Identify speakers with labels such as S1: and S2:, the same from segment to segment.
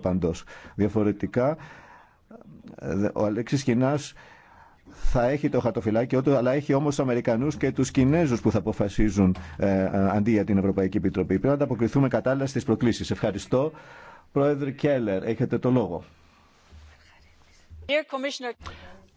S1: παντός. Διαφορετικά, ε, ο Αλέξης Κινάς θα έχει το χατοφυλάκιό του, αλλά έχει όμως Αμερικανούς και τους Κινέζους που θα αποφασίζουν ε, αντί για την Ευρωπαϊκή Επιτροπή. Πρέπει να ανταποκριθούμε κατάλληλα στις προκλήσεις. Ευχαριστώ. Πρόεδρε Κέλλερ, έχετε το λόγο.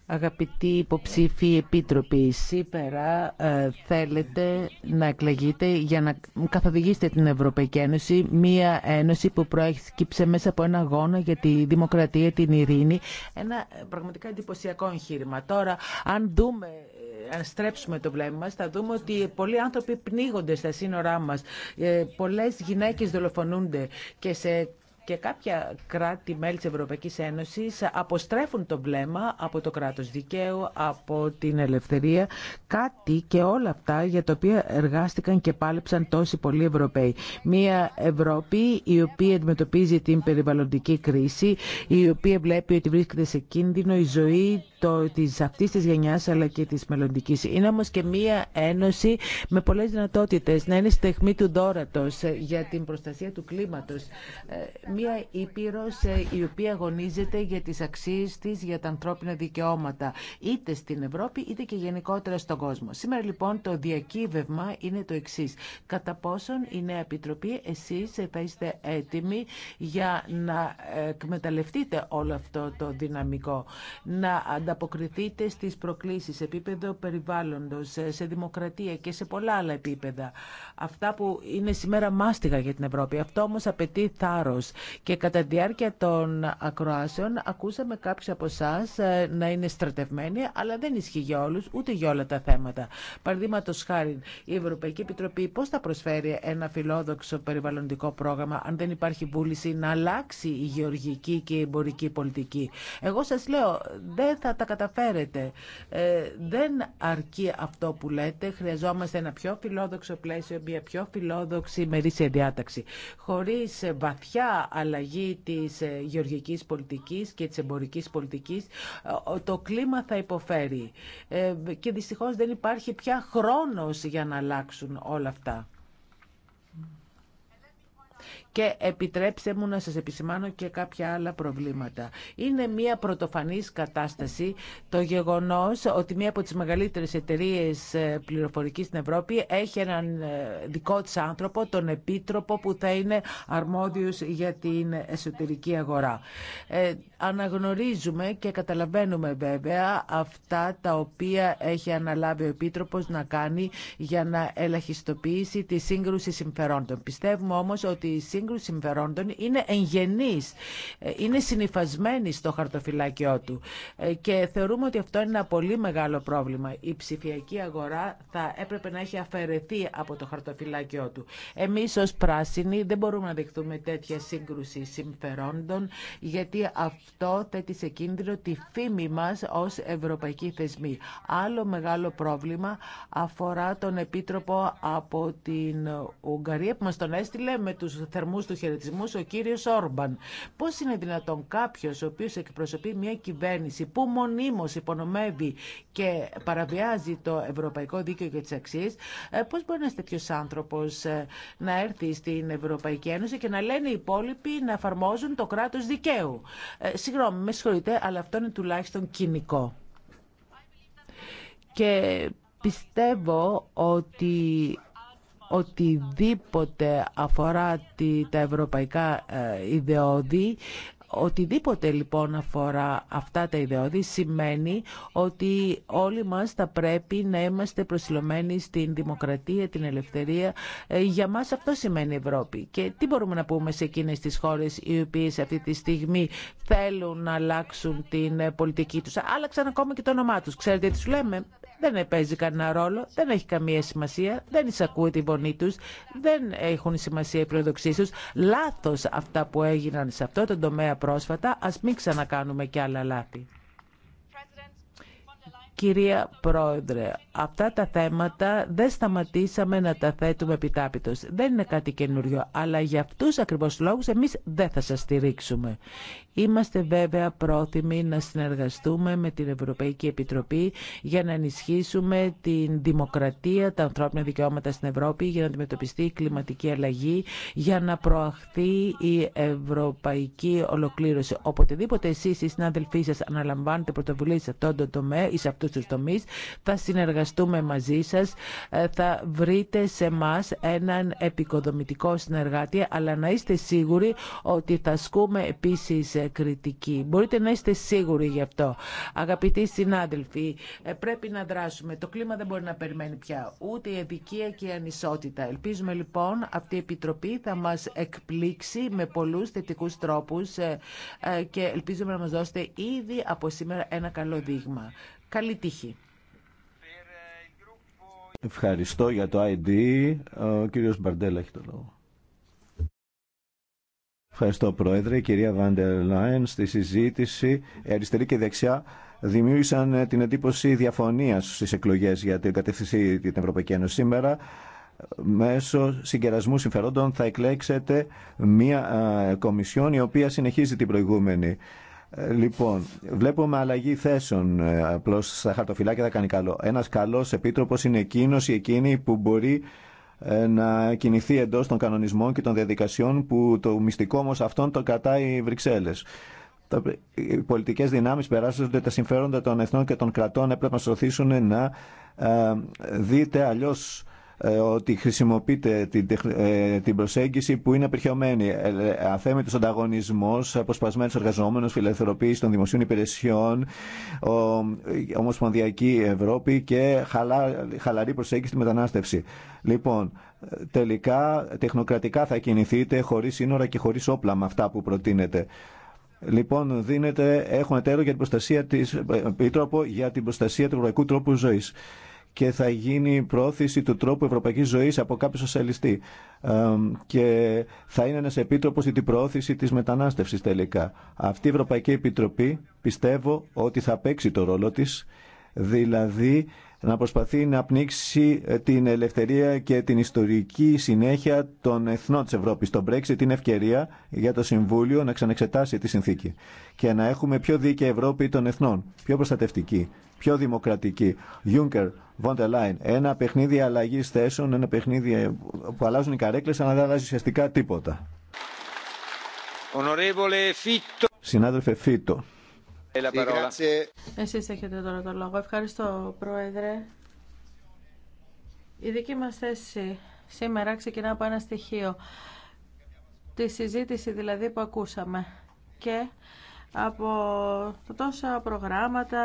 S2: Αγαπητοί υποψήφοι επίτροποι, σήμερα ε, θέλετε να εκλεγείτε για να καθοδηγήσετε την Ευρωπαϊκή Ένωση, μία ένωση που προέκυψε μέσα από ένα αγώνα για τη δημοκρατία, την ειρήνη. Ένα ε, πραγματικά εντυπωσιακό εγχείρημα. Τώρα, αν δούμε ε, αν στρέψουμε το βλέμμα μας, θα δούμε ότι πολλοί άνθρωποι πνίγονται στα σύνορά μας. Ε, πολλές γυναίκες δολοφονούνται και σε και κάποια κράτη-μέλη της Ευρωπαϊκής Ένωσης αποστρέφουν το βλέμμα από το κράτος δικαίου, από την ελευθερία, κάτι και όλα αυτά για τα οποία εργάστηκαν και πάλεψαν τόσοι πολλοί Ευρωπαίοι. Μία Ευρώπη η οποία αντιμετωπίζει την περιβαλλοντική κρίση, η οποία βλέπει ότι βρίσκεται σε κίνδυνο η ζωή το, της αυτής της αλλά και της μελλοντική. Είναι όμως και μία ένωση με πολλές δυνατότητες να είναι στεχμή του δόρατος ε, για την προστασία του κλίματος. Ε, μία ήπειρος ε, η οποία αγωνίζεται για τις αξίες της, για τα ανθρώπινα δικαιώματα είτε στην Ευρώπη είτε και γενικότερα στον κόσμο. Σήμερα λοιπόν το διακύβευμα είναι το εξή. Κατά πόσον η Νέα Επιτροπή εσείς θα είστε έτοιμοι για να εκμεταλλευτείτε όλο αυτό το δυναμικό, να ανταποκριθείτε στις προκλήσεις σε επίπεδο περιβάλλοντος, σε δημοκρατία και σε πολλά άλλα επίπεδα. Αυτά που είναι σήμερα μάστιγα για την Ευρώπη. Αυτό όμως απαιτεί θάρρος. Και κατά τη διάρκεια των ακροάσεων ακούσαμε κάποιους από εσά ε, να είναι στρατευμένοι, αλλά δεν ισχύει για όλους, ούτε για όλα τα θέματα. Παραδείγματο χάρη, η Ευρωπαϊκή Επιτροπή πώς θα προσφέρει ένα φιλόδοξο περιβαλλοντικό πρόγραμμα αν δεν υπάρχει βούληση να αλλάξει η γεωργική και η εμπορική πολιτική. Εγώ σας λέω, δεν θα τα καταφέρετε. Ε, δεν αρκεί αυτό που λέτε. Χρειαζόμαστε ένα πιο φιλόδοξο πλαίσιο, μια πιο φιλόδοξη μερίσια διάταξη. Χωρίς βαθιά αλλαγή της ε, γεωργική πολιτική και τη εμπορική πολιτική, ε, το κλίμα θα υποφέρει. Και δυστυχώς δεν υπάρχει πια χρόνος για να αλλάξουν όλα αυτά. Και επιτρέψτε μου να σας επισημάνω και κάποια άλλα προβλήματα. Είναι μια πρωτοφανής κατάσταση το γεγονός ότι μια από τις μεγαλύτερες εταιρείες ε, πληροφορικής στην Ευρώπη έχει έναν ε, δικό της άνθρωπο, τον επίτροπο που θα είναι αρμόδιος για την εσωτερική αγορά. Ε, αναγνωρίζουμε και καταλαβαίνουμε βέβαια αυτά τα οποία έχει αναλάβει ο Επίτροπος να κάνει για να ελαχιστοποιήσει τη σύγκρουση συμφερόντων. Πιστεύουμε όμως ότι η σύγκρουση συμφερόντων είναι εγγενής, ε, είναι συνειφασμένη στο χαρτοφυλάκιό του. Ε, και θεωρούμε ότι αυτό είναι ένα πολύ μεγάλο πρόβλημα. Η ψηφιακή αγορά θα έπρεπε να έχει αφαιρεθεί από το χαρτοφυλάκιό του. Εμείς ως πράσινοι δεν μπορούμε να δεχτούμε τέτοια σύγκρουση συμφερόντων, γιατί αυτό θέτει σε κίνδυνο τη φήμη μας ως ευρωπαϊκή θεσμή. Άλλο μεγάλο πρόβλημα αφορά τον Επίτροπο από την Ουγγαρία που μας τον έστειλε με τους θερμού του χαιρετισμού ο κύριο Όρμπαν. Πώ είναι δυνατόν κάποιο ο οποίο εκπροσωπεί μια κυβέρνηση που μονίμω υπονομεύει και παραβιάζει το ευρωπαϊκό δίκαιο και τι αξίε, ε, πώ μπορεί ένα τέτοιο άνθρωπο ε, να έρθει στην Ευρωπαϊκή Ένωση και να λένε οι υπόλοιποι να εφαρμόζουν το κράτο δικαίου. Ε, συγγνώμη, με συγχωρείτε, αλλά αυτό είναι τουλάχιστον κοινικό. Και πιστεύω ότι οτιδήποτε αφορά τα ευρωπαϊκά ε, ιδεώδη Οτιδήποτε λοιπόν αφορά αυτά τα ιδεώδη σημαίνει ότι όλοι μας θα πρέπει να είμαστε προσιλωμένοι στην δημοκρατία, την ελευθερία. Ε, για μας αυτό σημαίνει Ευρώπη. Και τι μπορούμε να πούμε σε εκείνες τις χώρες οι οποίες αυτή τη στιγμή θέλουν να αλλάξουν την ε, πολιτική τους. Άλλαξαν ακόμα και το όνομά τους. Ξέρετε τι σου λέμε δεν παίζει κανένα ρόλο, δεν έχει καμία σημασία, δεν εισακούει τη φωνή του, δεν έχουν σημασία οι προδοξίε του. Λάθο αυτά που έγιναν σε αυτό το τομέα πρόσφατα, α μην ξανακάνουμε κι άλλα λάθη. Κυρία Πρόεδρε, αυτά τα θέματα δεν σταματήσαμε να τα θέτουμε επιτάπητος. Δεν είναι κάτι καινούριο, αλλά για αυτούς ακριβώς λόγους εμείς δεν θα σας στηρίξουμε. Είμαστε βέβαια πρόθυμοι να συνεργαστούμε με την Ευρωπαϊκή Επιτροπή για να ενισχύσουμε την δημοκρατία, τα ανθρώπινα δικαιώματα στην Ευρώπη, για να αντιμετωπιστεί η κλιματική αλλαγή, για να προαχθεί η ευρωπαϊκή ολοκλήρωση. Οποτεδήποτε εσείς οι συνάδελφοί σας αναλαμβάνετε πρωτοβουλίε σε αυτόν τον τομέα ή σε αυτού του τομείς, θα συνεργαστούμε συνεργαστούμε μαζί σας. Ε, θα βρείτε σε μας έναν επικοδομητικό συνεργάτη, αλλά να είστε σίγουροι ότι θα ασκούμε επίσης ε, κριτική. Μπορείτε να είστε σίγουροι γι' αυτό. Αγαπητοί συνάδελφοι, ε, πρέπει να δράσουμε. Το κλίμα δεν μπορεί να περιμένει πια ούτε η ευικία και η ανισότητα. Ελπίζουμε λοιπόν αυτή η Επιτροπή θα μας εκπλήξει με πολλούς θετικούς τρόπους και ελπίζουμε να μας δώσετε ήδη από σήμερα ένα καλό δείγμα. Καλή τύχη.
S1: Ευχαριστώ για το ID. Ο κύριος Μπαρντέλα έχει το λόγο. Ευχαριστώ Πρόεδρε. Η κυρία Βάντερ Λάιν στη συζήτηση ε, αριστερή και δεξιά δημιούργησαν ε, την εντύπωση διαφωνίας στις εκλογές για την κατεύθυνση την Ευρωπαϊκή Ένωση σήμερα μέσω συγκερασμού συμφερόντων θα εκλέξετε μία ε, κομισιόν η οποία συνεχίζει την προηγούμενη. Ε, λοιπόν, βλέπουμε αλλαγή θέσεων ε, απλώ στα χαρτοφυλάκια θα κάνει καλό. Ένα καλό επίτροπο είναι εκείνο ή εκείνη που μπορεί ε, να κινηθεί εντό των κανονισμών και των διαδικασιών που το μυστικό όμω αυτόν το κατάει οι Βρυξέλλε. Οι πολιτικέ δυνάμει περάσσονται τα συμφέροντα των εθνών και των κρατών έπρεπε να σωθήσουν να δείτε αλλιώ ε, ότι χρησιμοποιείται την, ε, την προσέγγιση που είναι απερχαιωμένη. Ε, Αθέμητο ανταγωνισμό, αποσπασμένο εργαζόμενο, φιλελευθερωποίηση των δημοσίων υπηρεσιών, ο, Ομοσπονδιακή Ευρώπη και χαλά, χαλαρή προσέγγιση στη μετανάστευση. Λοιπόν, τελικά τεχνοκρατικά θα κινηθείτε χωρί σύνορα και χωρί όπλα με αυτά που προτείνετε. Λοιπόν, δίνετε, έχουν για την προστασία της, ε, για την προστασία του ευρωπαϊκού τρόπου ζωής και θα γίνει η πρόθεση του τρόπου ευρωπαϊκής ζωής από κάποιο σοσιαλιστή. και θα είναι ένας επίτροπος για την πρόθεση της μετανάστευσης τελικά. Αυτή η Ευρωπαϊκή Επιτροπή πιστεύω ότι θα παίξει το ρόλο της, δηλαδή να προσπαθεί να πνίξει την ελευθερία και την ιστορική συνέχεια των εθνών της Ευρώπης. Το Brexit είναι ευκαιρία για το Συμβούλιο να ξανεξετάσει τη συνθήκη και να έχουμε πιο δίκαιη Ευρώπη των εθνών, πιο προστατευτική πιο δημοκρατική. Juncker, von der Leyen, ένα παιχνίδι αλλαγή θέσεων, ένα παιχνίδι ε, που αλλάζουν οι καρέκλες, αλλά δεν αλλάζει ουσιαστικά τίποτα. Συνάδελφε Φίτο.
S3: Εσεί έχετε τώρα το λόγο. Ευχαριστώ, Πρόεδρε. Η δική μα θέση σήμερα ξεκινά από ένα στοιχείο. Τη συζήτηση δηλαδή που ακούσαμε και από τόσα προγράμματα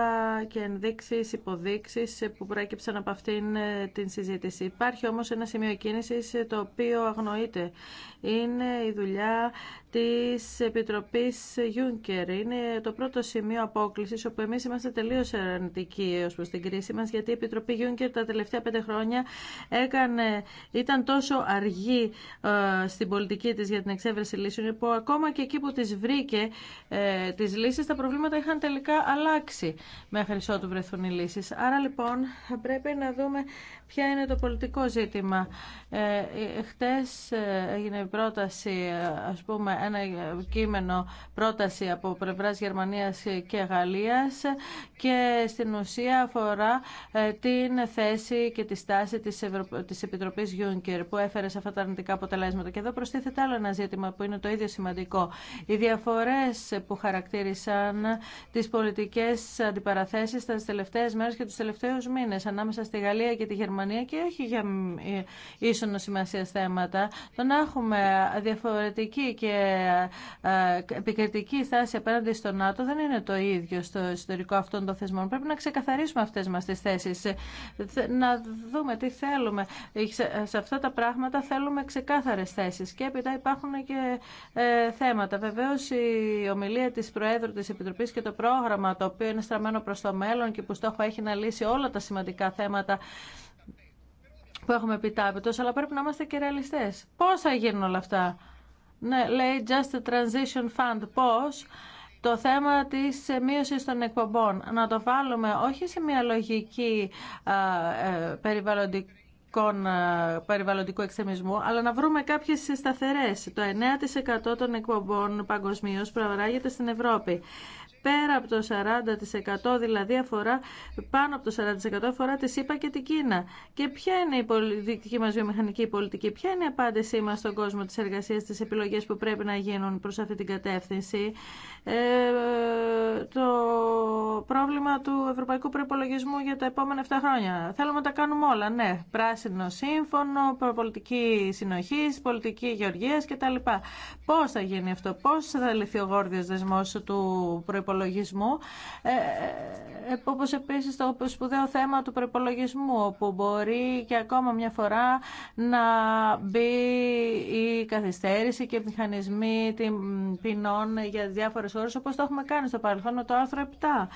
S3: και ενδείξεις, υποδείξεις που προέκυψαν από αυτήν ε, την συζήτηση. Υπάρχει όμως ένα σημείο κίνησης το οποίο αγνοείται. Είναι η δουλειά της Επιτροπής Juncker. Είναι το πρώτο σημείο απόκλησης όπου εμείς είμαστε τελείως αρνητικοί ως προς την κρίση μας γιατί η Επιτροπή Juncker τα τελευταία πέντε χρόνια έκανε, ήταν τόσο αργή ε, στην πολιτική της για την εξέβρεση λύσεων που ακόμα και εκεί που τις βρήκε ε, τις λύσεις τα προβλήματα είχαν τελικά αλλάξει μέχρι ότου βρεθούν οι λύσεις. Άρα λοιπόν πρέπει να δούμε Ποια είναι το πολιτικό ζήτημα. Ε, ε χτες ε, έγινε πρόταση, ας πούμε, ένα κείμενο πρόταση από πλευράς Γερμανίας και Γαλλίας και στην ουσία αφορά ε, την θέση και τη στάση της, Ευρω... της Επιτροπής Juncker που έφερε σε αυτά τα αρνητικά αποτελέσματα. Και εδώ προστίθεται άλλο ένα ζήτημα που είναι το ίδιο σημαντικό. Οι διαφορές που χαρακτήρισαν τις πολιτικές αντιπαραθέσεις στις τελευταίες μέρες και του τελευταίους μήνες ανάμεσα στη Γαλλία και τη Γερμανία Γερμανία και όχι για ε, ίσονο σημασία θέματα. Το να έχουμε διαφορετική και ε, επικριτική στάση απέναντι στο ΝΑΤΟ δεν είναι το ίδιο στο εσωτερικό αυτών των θεσμών. Πρέπει να ξεκαθαρίσουμε αυτέ μα τι θέσει, να δούμε τι θέλουμε. Ε, σε αυτά τα πράγματα θέλουμε ξεκάθαρε θέσει και έπειτα υπάρχουν και θέματα. Βεβαίω η ομιλία τη Προέδρου τη Επιτροπή και το πρόγραμμα το οποίο είναι στραμμένο προ το μέλλον και που στόχο έχει να λύσει όλα τα σημαντικά θέματα που έχουμε επιτάπητος, αλλά πρέπει να είμαστε και ρεαλιστές. Πώς θα γίνουν όλα αυτά. Ναι, λέει Just a Transition Fund. Πώς το θέμα της μείωσης των εκπομπών. Να το βάλουμε όχι σε μια λογική ε, περιβαλλοντική περιβαλλοντικού εξεμισμού, αλλά να βρούμε κάποιες σταθερές. Το 9% των εκπομπών παγκοσμίω προαγράγεται στην Ευρώπη πέρα από το 40% δηλαδή αφορά πάνω από το 40% αφορά τη ΣΥΠΑ και την Κίνα. Και ποια είναι η πολιτική μας βιομηχανική πολιτική, ποια είναι η απάντησή μας στον κόσμο της εργασίας, τις επιλογές που πρέπει να γίνουν προς αυτή την κατεύθυνση. Ε, το πρόβλημα του ευρωπαϊκού προπολογισμού για τα επόμενα 7 χρόνια. Θέλουμε να τα κάνουμε όλα, ναι. Πράσινο σύμφωνο, πολιτική συνοχή, πολιτική γεωργία κτλ. Πώ θα γίνει αυτό, πώ θα λυθεί ο γόρδιο δεσμό του προπολογισμού προπολογισμού, ε, ε, ε, όπως επίσης το σπουδαίο θέμα του προπολογισμού, όπου μπορεί και ακόμα μια φορά να μπει η καθυστέρηση και οι μηχανισμοί ποινών για διάφορες χώρε. όπως το έχουμε κάνει στο παρελθόν με το άρθρο 7.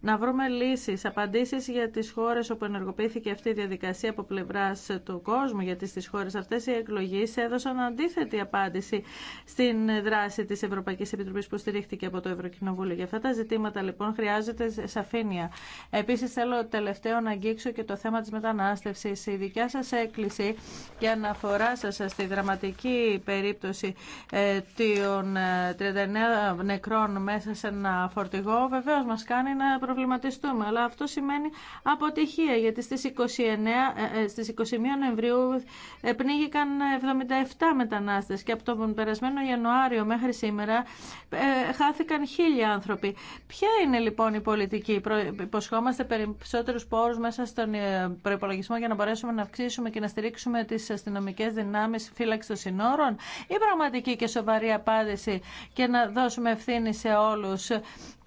S3: Να βρούμε λύσεις, απαντήσεις για τις χώρες όπου ενεργοποιήθηκε αυτή η διαδικασία από πλευρά του κόσμου, γιατί στις χώρες αυτές οι εκλογές έδωσαν αντίθετη απάντηση στην δράση της Ευρωπαϊκής Επιτροπής που στηρίχθηκε από το Ευρωκοινοβούλιο. Για αυτά τα ζητήματα λοιπόν χρειάζεται σαφήνεια. Επίσης θέλω τελευταίο να αγγίξω και το θέμα της μετανάστευση. Η δικιά σας έκκληση και αναφορά σα στη δραματική περίπτωση ε, των 39 ε, νεκρών μέσα σε ένα φορτηγό Βεβαίω μας κάνει να προβληματιστούμε. Αλλά αυτό σημαίνει αποτυχία γιατί στις, 29, ε, στις 21 Νοεμβρίου πνίγηκαν 77 μετανάστες και από τον περασμένο Ιανουάριο μέχρι σήμερα χάθηκαν χίλια άνθρωποι. Ποια είναι λοιπόν η πολιτική. Υποσχόμαστε περισσότερους πόρου μέσα στον ε, προπολογισμό για να μπορέσουμε να αυξήσουμε και να στηρίξουμε τις αστυνομικέ δυνάμεις φύλαξη των συνόρων ή πραγματική και σοβαρή απάντηση και να δώσουμε ευθύνη σε όλους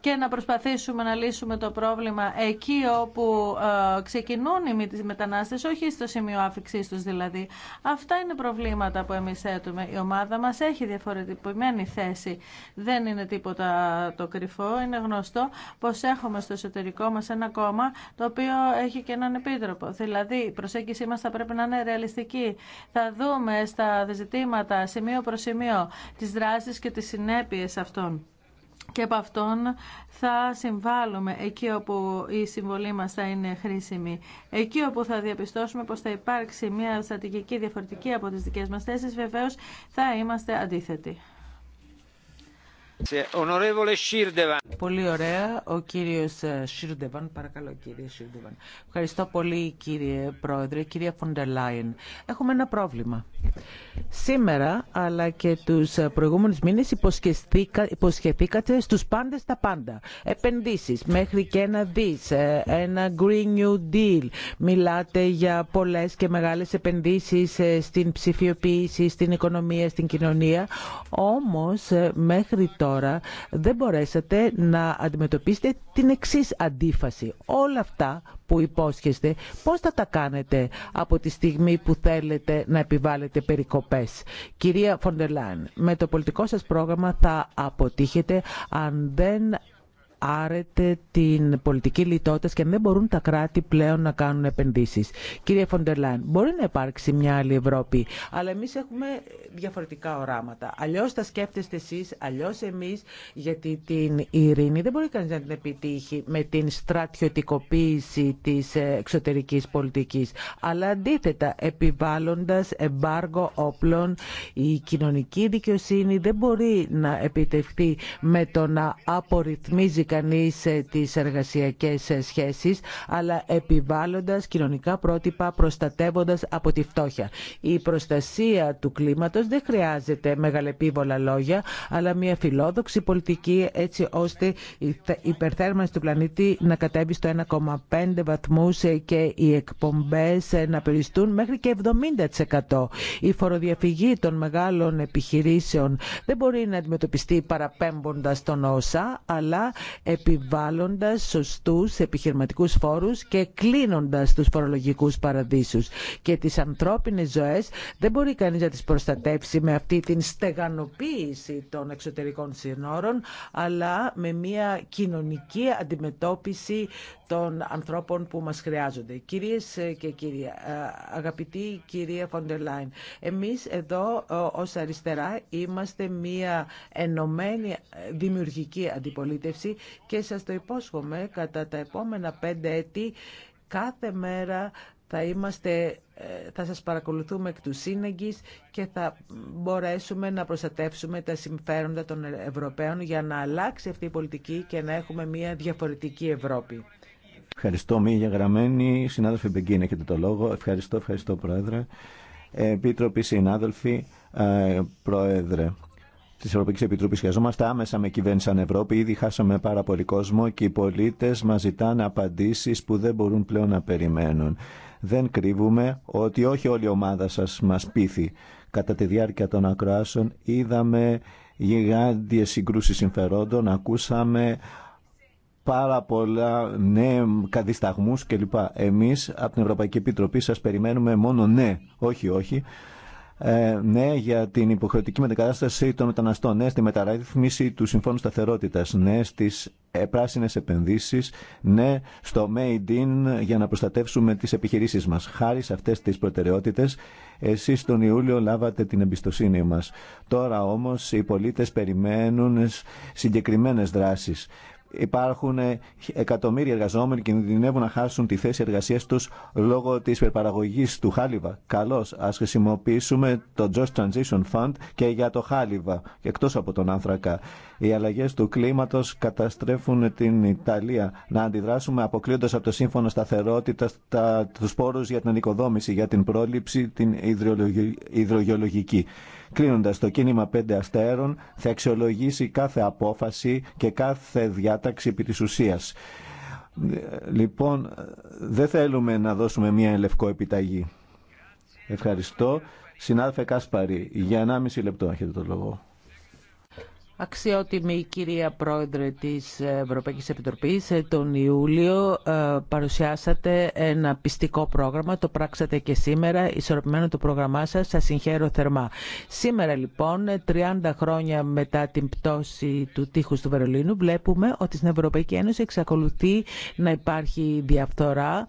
S3: και να προσπαθήσουμε να λύσουμε το πρόβλημα εκεί όπου ε, ξεκινούν οι μετανάστες, όχι στο σημείο άφηξής τους δηλαδή. Αυτά είναι προβλήματα που εμείς θέτουμε. Η ομάδα μας έχει διαφορετικοποιημένη θέση. Δεν είναι τίποτα το κρυφό. Είναι γνωστό πως έχουμε στο εσωτερικό μας ένα κόμμα το οποίο έχει και έναν επίτροπο. Δηλαδή η προσέγγιση μας θα πρέπει να είναι ρεαλιστική. Θα δούμε στα ζητήματα σημείο προ σημείο τις δράσεις και τις συνέπειες αυτών και από αυτόν θα συμβάλλουμε εκεί όπου η συμβολή μας θα είναι χρήσιμη. Εκεί όπου θα διαπιστώσουμε πως θα υπάρξει μια στρατηγική διαφορετική από τις δικές
S2: μας θέσεις, βεβαίως θα είμαστε αντίθετοι. Πολύ ωραία. Ο κύριος ε, Σιρντεβαν, παρακαλώ κύριε Σιρντεβαν. Ευχαριστώ πολύ κύριε Πρόεδρε, κυρία Φοντελάιν. Έχουμε ένα πρόβλημα. Σήμερα, αλλά και τους ε, προηγούμενους μήνες, υποσχεθήκατε στους πάντες τα πάντα. Επενδύσεις, μέχρι και ένα δις, ε, ένα Green New Deal. Μιλάτε για πολλές και μεγάλες επενδύσεις στην ψηφιοποίηση, στην οικονομία, στην κοινωνία. Όμως, μέχρι τώρα δεν μπορέσατε να αντιμετωπίσετε την εξή αντίφαση. Όλα αυτά που υπόσχεστε, πώς θα τα κάνετε από τη στιγμή που θέλετε να επιβάλλετε περικοπές. Κυρία Φοντελάν, με το πολιτικό σας πρόγραμμα θα αποτύχετε αν δεν άρεται την πολιτική λιτότητα και δεν μπορούν τα κράτη πλέον να κάνουν επενδύσεις. Κύριε Φοντερ Λάιν, μπορεί να υπάρξει μια άλλη Ευρώπη, αλλά εμείς έχουμε διαφορετικά οράματα. Αλλιώς τα σκέφτεστε εσείς, αλλιώς εμείς, γιατί την ειρήνη δεν μπορεί κανείς να την επιτύχει με την στρατιωτικοποίηση της εξωτερικής πολιτικής, αλλά αντίθετα επιβάλλοντας εμπάργο όπλων η κοινωνική δικαιοσύνη δεν μπορεί να επιτευχθεί με το να απορριθμίζει κανείς ε, τις εργασιακές ε, σχέσεις, αλλά επιβάλλοντας κοινωνικά πρότυπα, προστατεύοντας από τη φτώχεια. Η προστασία του κλίματος δεν χρειάζεται μεγαλεπίβολα λόγια, αλλά μια φιλόδοξη πολιτική έτσι ώστε η υπερθέρμανση του πλανήτη να κατέβει στο 1,5 βαθμούς ε, και οι εκπομπές να περιστούν μέχρι και 70%. Η φοροδιαφυγή των μεγάλων επιχειρήσεων δεν μπορεί να αντιμετωπιστεί παραπέμποντας τον ΩΣΑ, αλλά επιβάλλοντας σωστούς επιχειρηματικούς φόρους και κλείνοντας τους φορολογικούς παραδείσους. Και τις ανθρώπινες ζωές δεν μπορεί κανείς να τις προστατεύσει με αυτή την στεγανοποίηση των εξωτερικών συνόρων, αλλά με μια κοινωνική αντιμετώπιση των ανθρώπων που μας χρειάζονται. Κυρίες και κύριοι, αγαπητή κυρία Φοντελάιν, εμείς εδώ ως αριστερά είμαστε μια ενωμένη δημιουργική αντιπολίτευση και σας το υπόσχομαι, κατά τα επόμενα πέντε έτη, κάθε μέρα θα είμαστε ε, θα σας παρακολουθούμε εκ του σύνεγγυς και θα μπορέσουμε να προστατεύσουμε τα συμφέροντα των Ευρωπαίων για να αλλάξει αυτή η πολιτική και να έχουμε μια διαφορετική Ευρώπη.
S1: Ευχαριστώ μη γεγραμμένη. Συνάδελφοι Μπεγκίν, έχετε το λόγο. Ευχαριστώ, ευχαριστώ Πρόεδρε. Ε, Επίτροποι, συνάδελφοι, ε, Πρόεδρε τη Ευρωπαϊκή Επιτροπή. Χρειαζόμαστε άμεσα με κυβέρνηση σαν Ευρώπη. Ήδη χάσαμε πάρα πολύ κόσμο και οι πολίτε μα ζητάνε απαντήσει που δεν μπορούν πλέον να περιμένουν. Δεν κρύβουμε ότι όχι όλη η ομάδα σα μα πείθει. Κατά τη διάρκεια των ακροάσεων είδαμε γιγάντιες συγκρούσεις συμφερόντων, ακούσαμε πάρα πολλά ναι, καδισταγμούς κλπ. Εμείς από την Ευρωπαϊκή Επιτροπή σας περιμένουμε μόνο ναι, όχι, όχι. Ε, ναι, για την υποχρεωτική μετακατάσταση των μεταναστών. Ναι, στη μεταρρύθμιση του Συμφώνου Σταθερότητα. Ναι, στι ε, πράσινε επενδύσει. Ναι, στο Made in για να προστατεύσουμε τι επιχειρήσει μα. Χάρη σε αυτέ τι προτεραιότητε, εσεί τον Ιούλιο λάβατε την εμπιστοσύνη μα. Τώρα όμω οι πολίτε περιμένουν συγκεκριμένε δράσει. Υπάρχουν ε, εκατομμύρια εργαζόμενοι και κινδυνεύουν να χάσουν τη θέση εργασία του λόγω τη υπερπαραγωγή του χάλιβα. Καλώ, α χρησιμοποιήσουμε το Just Transition Fund και για το χάλιβα, εκτό από τον άνθρακα. Οι αλλαγέ του κλίματο καταστρέφουν την Ιταλία. Να αντιδράσουμε αποκλείοντα από το Σύμφωνο Σταθερότητα του πόρου για την ανοικοδόμηση, για την πρόληψη, την υδρογεολογική. Κλείνοντα, το κίνημα πέντε αστέρων θα αξιολογήσει κάθε απόφαση και κάθε διάταξη επί τη ουσία. Λοιπόν, δεν θέλουμε να δώσουμε μία λευκό επιταγή. Ευχαριστώ. Συνάδελφε Κάσπαρη, για 1,5 λεπτό έχετε το λόγο.
S2: Αξιότιμη κυρία Πρόεδρε της Ευρωπαϊκής Επιτροπής, ε, τον Ιούλιο ε, παρουσιάσατε ένα πιστικό πρόγραμμα, το πράξατε και σήμερα, ισορροπημένο το πρόγραμμά σας, σας συγχαίρω θερμά. Σήμερα λοιπόν, 30 ε, χρόνια μετά την πτώση του τείχους του Βερολίνου, βλέπουμε ότι στην Ευρωπαϊκή Ένωση εξακολουθεί να υπάρχει διαφθορά.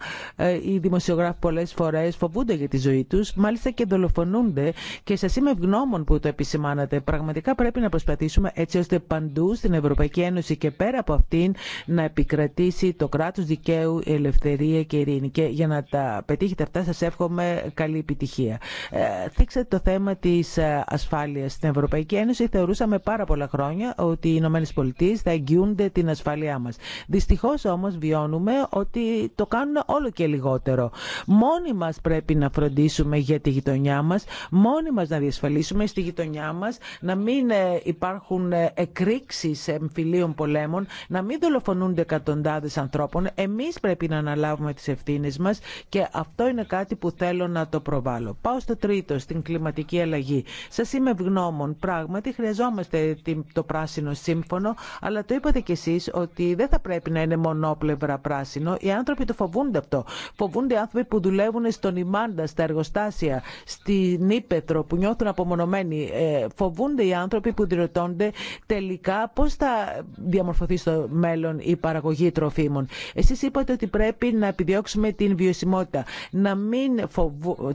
S2: Οι δημοσιογράφοι πολλές φορές φοβούνται για τη ζωή τους, μάλιστα και δολοφονούνται και σας είμαι ευγνώμων που το επισημάνατε. Πραγματικά πρέπει να προσπαθήσουμε έτσι ώστε παντού στην Ευρωπαϊκή Ένωση και πέρα από αυτήν να επικρατήσει το κράτος δικαίου, η ελευθερία και η ειρήνη. Και για να τα πετύχετε αυτά σας εύχομαι καλή επιτυχία. Ε, θίξατε το θέμα της ε, ασφάλειας στην Ευρωπαϊκή Ένωση. Θεωρούσαμε πάρα πολλά χρόνια ότι οι Ηνωμένε Πολιτείε θα εγγυούνται την ασφάλειά μας. Δυστυχώς όμως βιώνουμε ότι το κάνουν όλο και λιγότερο. Μόνοι μας πρέπει να φροντίσουμε για τη γειτονιά μας, μόνοι μας να διασφαλίσουμε στη γειτονιά μας να μην ε, υπάρχουν υπάρχουν ε, εκρήξεις εμφυλίων πολέμων, να μην δολοφονούνται εκατοντάδε ανθρώπων. εμεί πρέπει να αναλάβουμε τι ευθύνε μα και αυτό είναι κάτι που θέλω να το προβάλλω. Πάω στο τρίτο, στην κλιματική αλλαγή. Σας είμαι ευγνώμων. Πράγματι χρειαζόμαστε το πράσινο σύμφωνο, αλλά το είπατε κι εσεί ότι δεν θα πρέπει να είναι μονόπλευρα πράσινο. Οι άνθρωποι το φοβούνται αυτό. Φοβούνται οι άνθρωποι που δουλεύουν στον Ιμάντα, στα εργοστάσια, στην Ήπεθρο, που νιώθουν απομονωμένοι. Ε, φοβούνται οι άνθρωποι που διρωτώνται τελικά πώς θα διαμορφωθεί στο μέλλον η παραγωγή τροφίμων. Εσείς είπατε ότι πρέπει να επιδιώξουμε την βιωσιμότητα, να μην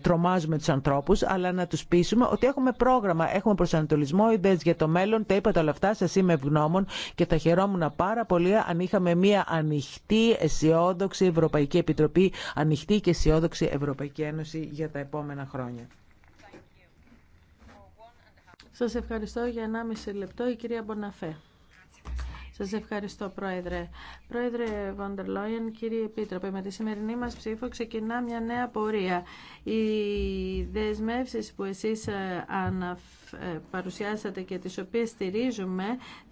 S2: τρομάζουμε τους ανθρώπους, αλλά να τους πείσουμε ότι έχουμε πρόγραμμα, έχουμε προσανατολισμό, ιδέες για το μέλλον, τα είπατε όλα αυτά, σας είμαι ευγνώμων και θα χαιρόμουν πάρα πολύ αν είχαμε μια ανοιχτή, αισιόδοξη Ευρωπαϊκή Επιτροπή, ανοιχτή και αισιόδοξη Ευρωπαϊκή Ένωση για τα επόμενα χρόνια.
S3: Σας ευχαριστώ για 1,5 λεπτό η κυρία Μποναφέ. Σα ευχαριστώ, Πρόεδρε. Πρόεδρε Βόντερ Λόιεν, κύριε Επίτροπε, με τη σημερινή μα ψήφο ξεκινά μια νέα πορεία. Οι δεσμεύσει που εσεί αναφέρετε ε, παρουσιάσατε και τις οποίες στηρίζουμε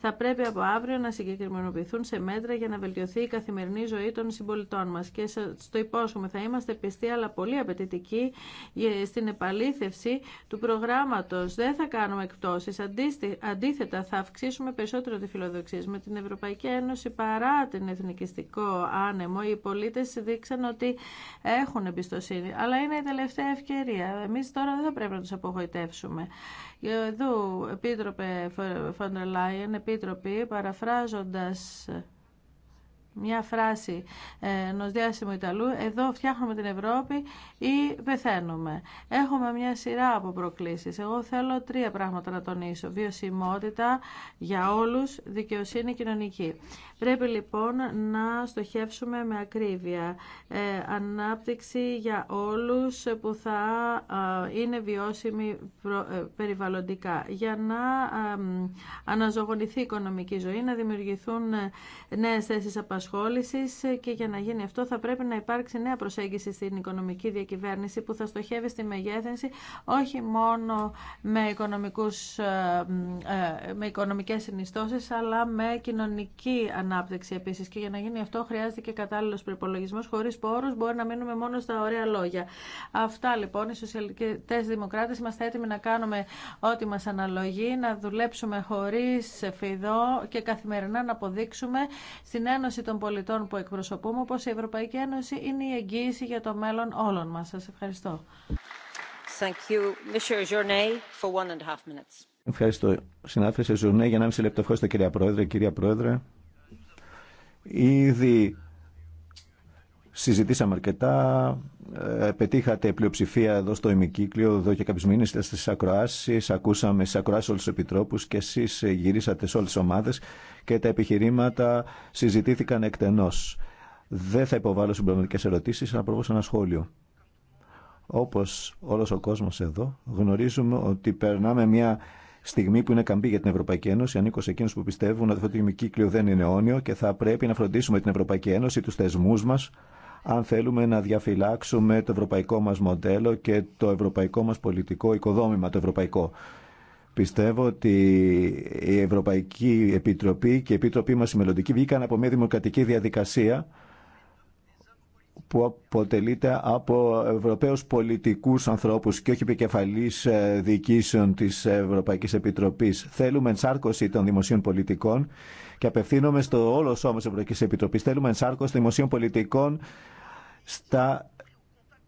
S3: θα πρέπει από αύριο να συγκεκριμενοποιηθούν σε μέτρα για να βελτιωθεί η καθημερινή ζωή των συμπολιτών μας. Και στο υπόσχομαι θα είμαστε πιστοί αλλά πολύ απαιτητικοί στην επαλήθευση του προγράμματος. Δεν θα κάνουμε εκπτώσεις. Αντίθετα θα αυξήσουμε περισσότερο τη φιλοδοξία. Με την Ευρωπαϊκή Ένωση παρά την εθνικιστικό άνεμο οι πολίτες δείξαν ότι έχουν εμπιστοσύνη. Αλλά είναι η τελευταία ευκαιρία. Εμείς τώρα δεν θα πρέπει να τους απογοητεύσουμε. Ε, εδώ, Επίτροπε Φοντερ Λάιεν, Επίτροπη, παραφράζοντας μια φράση ε, ενό διάσημου Ιταλού, εδώ φτιάχνουμε την Ευρώπη ή πεθαίνουμε. Έχουμε μια σειρά από προκλήσεις. Εγώ θέλω τρία πράγματα να τονίσω. Βιωσιμότητα για όλους, δικαιοσύνη κοινωνική. Πρέπει λοιπόν να στοχεύσουμε με ακρίβεια. Ε, ανάπτυξη για όλους που θα είναι βιώσιμη ε, περιβαλλοντικά. Για να ε, αναζωογονηθεί η οικονομική ζωή, να δημιουργηθούν νέες θέσεις απασχόλησης ε, και για να γίνει αυτό θα πρέπει να υπάρξει νέα προσέγγιση στην οικονομική διακυβέρνηση που θα στοχεύει στη μεγέθυνση όχι μόνο με, οικονομικούς, ε, ε, με οικονομικές συνιστώσεις αλλά με κοινωνική ανάπτυξη επίση. και για να γίνει αυτό χρειάζεται και κατάλληλο προπολογισμό χωρί πόρου μπορεί να μείνουμε μόνο στα ωραία λόγια. Αυτά λοιπόν οι σοσιαλιστέ δημοκράτες είμαστε έτοιμοι να κάνουμε ό,τι μας αναλογεί, να δουλέψουμε χωρί φιδό και καθημερινά να αποδείξουμε στην Ένωση των των πολιτών που εκπροσωπούμε, όπως η Ευρωπαϊκή Ένωση είναι η εγγύηση για το μέλλον όλων μας. Σας ευχαριστώ. Thank you. Journay, for one and a half minutes.
S1: Ευχαριστώ. Συνάδελφε Ζουρνέ, για 1,5 σε λεπτοχώσετε, κυρία Πρόεδρε. Κυρία Πρόεδρε, ήδη συζητήσαμε αρκετά. Ε, πετύχατε πλειοψηφία εδώ στο ημικύκλιο, εδώ και κάποιου μήνε στι ακροάσει. Ακούσαμε στι ακροάσει όλου του επιτρόπου και εσεί γυρίσατε σε όλε τι ομάδε και τα επιχειρήματα συζητήθηκαν εκτενώ. Δεν θα υποβάλω συμπληρωματικέ ερωτήσει, αλλά προβώ σε ένα σχόλιο. Όπω όλο ο κόσμο εδώ, γνωρίζουμε ότι περνάμε μια στιγμή που είναι καμπή για την Ευρωπαϊκή Ένωση. Ανήκω σε εκείνου που πιστεύουν ότι το ημικύκλιο δεν είναι αιώνιο και θα πρέπει να φροντίσουμε την Ευρωπαϊκή Ένωση, του θεσμού μα, αν θέλουμε να διαφυλάξουμε το ευρωπαϊκό μας μοντέλο και το ευρωπαϊκό μας πολιτικό οικοδόμημα, το ευρωπαϊκό. Πιστεύω ότι η Ευρωπαϊκή Επιτροπή και η Επιτροπή μας η μελλοντική βγήκαν από μια δημοκρατική διαδικασία που αποτελείται από Ευρωπαίους πολιτικούς ανθρώπους και όχι επικεφαλής ε, διοικήσεων της Ευρωπαϊκής Επιτροπής. Θέλουμε ενσάρκωση των δημοσίων πολιτικών και απευθύνομαι στο όλο σώμα της Ευρωπαϊκής Επιτροπής. Θέλουμε ενσάρκωση των δημοσίων πολιτικών στα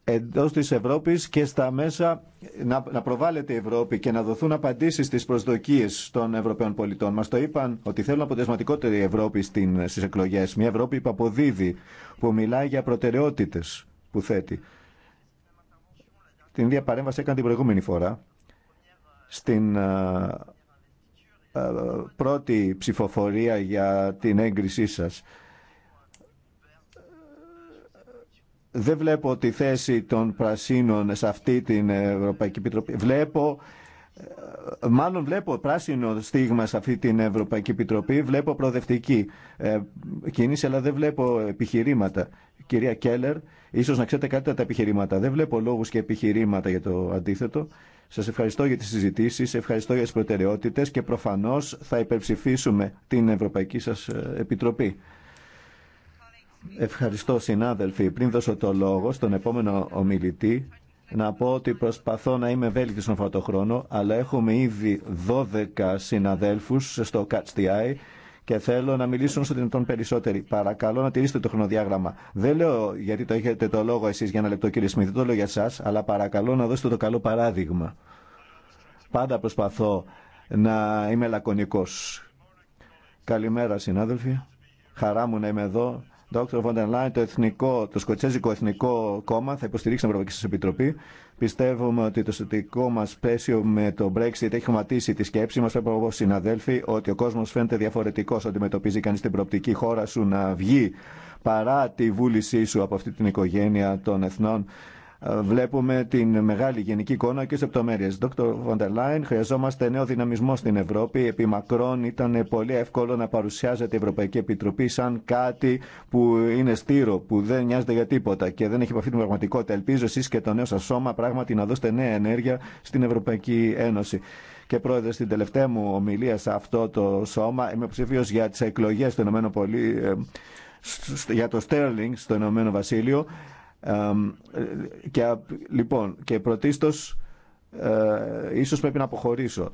S1: εντό τη Ευρώπη και στα μέσα να, να προβάλλεται η Ευρώπη και να δοθούν απαντήσει στι προσδοκίε των Ευρωπαίων πολιτών. Μα το είπαν ότι θέλουν αποτελεσματικότερη Ευρώπη στι εκλογέ. Μια Ευρώπη που αποδίδει, που μιλάει για προτεραιότητε που θέτει. Την ίδια παρέμβαση έκανε την προηγούμενη φορά στην ε, ε, πρώτη ψηφοφορία για την έγκρισή σας. δεν βλέπω τη θέση των πρασίνων σε αυτή την Ευρωπαϊκή Επιτροπή. Βλέπω, ε, μάλλον βλέπω πράσινο στίγμα σε αυτή την Ευρωπαϊκή Επιτροπή, βλέπω προοδευτική ε, κίνηση, αλλά δεν βλέπω επιχειρήματα. Κυρία Κέλλερ, ίσως να ξέρετε κάτι τα επιχειρήματα. Δεν βλέπω λόγους και επιχειρήματα για το αντίθετο. Σας ευχαριστώ για τις συζητήσεις, ευχαριστώ για τις προτεραιότητες και προφανώς θα υπερψηφίσουμε την Ευρωπαϊκή σας ε, Επιτροπή. Ευχαριστώ συνάδελφοι. Πριν δώσω το λόγο στον επόμενο ομιλητή, να πω ότι προσπαθώ να είμαι ευέλικτη στον αυτό χρόνο, αλλά έχουμε ήδη 12 συναδέλφου στο Catch the Eye και θέλω να μιλήσουν όσο δυνατόν περισσότεροι. Παρακαλώ να τηρήσετε το χρονοδιάγραμμα. Δεν λέω γιατί το έχετε το λόγο εσεί για ένα λεπτό, κύριε Σμιθ, το λέω για εσά, αλλά παρακαλώ να δώσετε το καλό παράδειγμα. Πάντα προσπαθώ να είμαι λακωνικό. Καλημέρα συνάδελφοι. Χαρά μου να είμαι εδώ Δόκτωρ Βόντεν το, εθνικό, το Σκοτσέζικο Εθνικό Κόμμα θα υποστηρίξει την Ευρωπαϊκή Επιτροπή. Πιστεύουμε ότι το σωτικό μα πλαίσιο με το Brexit έχει χωματίσει τη σκέψη μα. Πρέπει όπω συναδέλφοι ότι ο κόσμο φαίνεται διαφορετικό αντιμετωπίζει κανεί την προοπτική χώρα σου να βγει παρά τη βούλησή σου από αυτή την οικογένεια των εθνών βλέπουμε την μεγάλη γενική εικόνα και σε λεπτομέρειε. Δόκτωρ Βοντερ Λάιν, χρειαζόμαστε νέο δυναμισμό στην Ευρώπη. Επί Μακρόν ήταν πολύ εύκολο να παρουσιάζεται η Ευρωπαϊκή Επιτροπή σαν κάτι που είναι στήρο, που δεν νοιάζεται για τίποτα και δεν έχει επαφή την πραγματικότητα. Ελπίζω εσεί και το νέο σα σώμα πράγματι να δώσετε νέα ενέργεια στην Ευρωπαϊκή Ένωση. Και πρόεδρε, στην τελευταία μου ομιλία σε αυτό το σώμα είμαι ψήφιο για τι εκλογέ ε, για το Sterling στο Ηνωμένο Βασίλειο και, λοιπόν, και πρωτίστως ε, ίσως πρέπει να αποχωρήσω.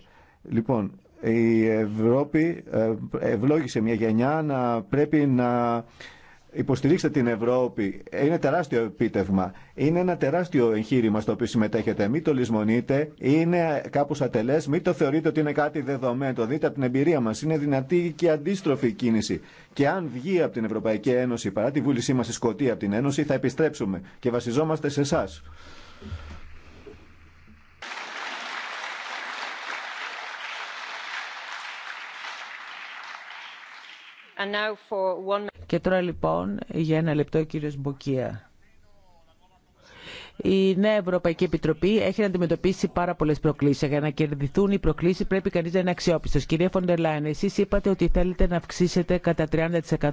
S1: Λοιπόν, η Ευρώπη ε, ευλόγησε μια γενιά να πρέπει να Υποστηρίξτε την Ευρώπη. Είναι τεράστιο επίτευγμα. Είναι ένα τεράστιο εγχείρημα στο οποίο συμμετέχετε. Μην το λησμονείτε. Είναι κάπως ατελές. Μην το θεωρείτε ότι είναι κάτι δεδομένο. δείτε από την εμπειρία μας. Είναι δυνατή και αντίστροφη κίνηση. Και αν βγει από την Ευρωπαϊκή Ένωση, παρά τη βούλησή μα η σκοτία από την Ένωση, θα επιστρέψουμε. Και βασιζόμαστε σε εσά.
S2: Και τώρα λοιπόν για ένα λεπτό ο κύριος Μποκία. Η Νέα Ευρωπαϊκή Επιτροπή έχει να αντιμετωπίσει πάρα πολλέ προκλήσει. Για να κερδιθούν οι προκλήσει πρέπει κανεί να είναι αξιόπιστο. Κυρία Φοντερ εσεί είπατε ότι θέλετε να αυξήσετε κατά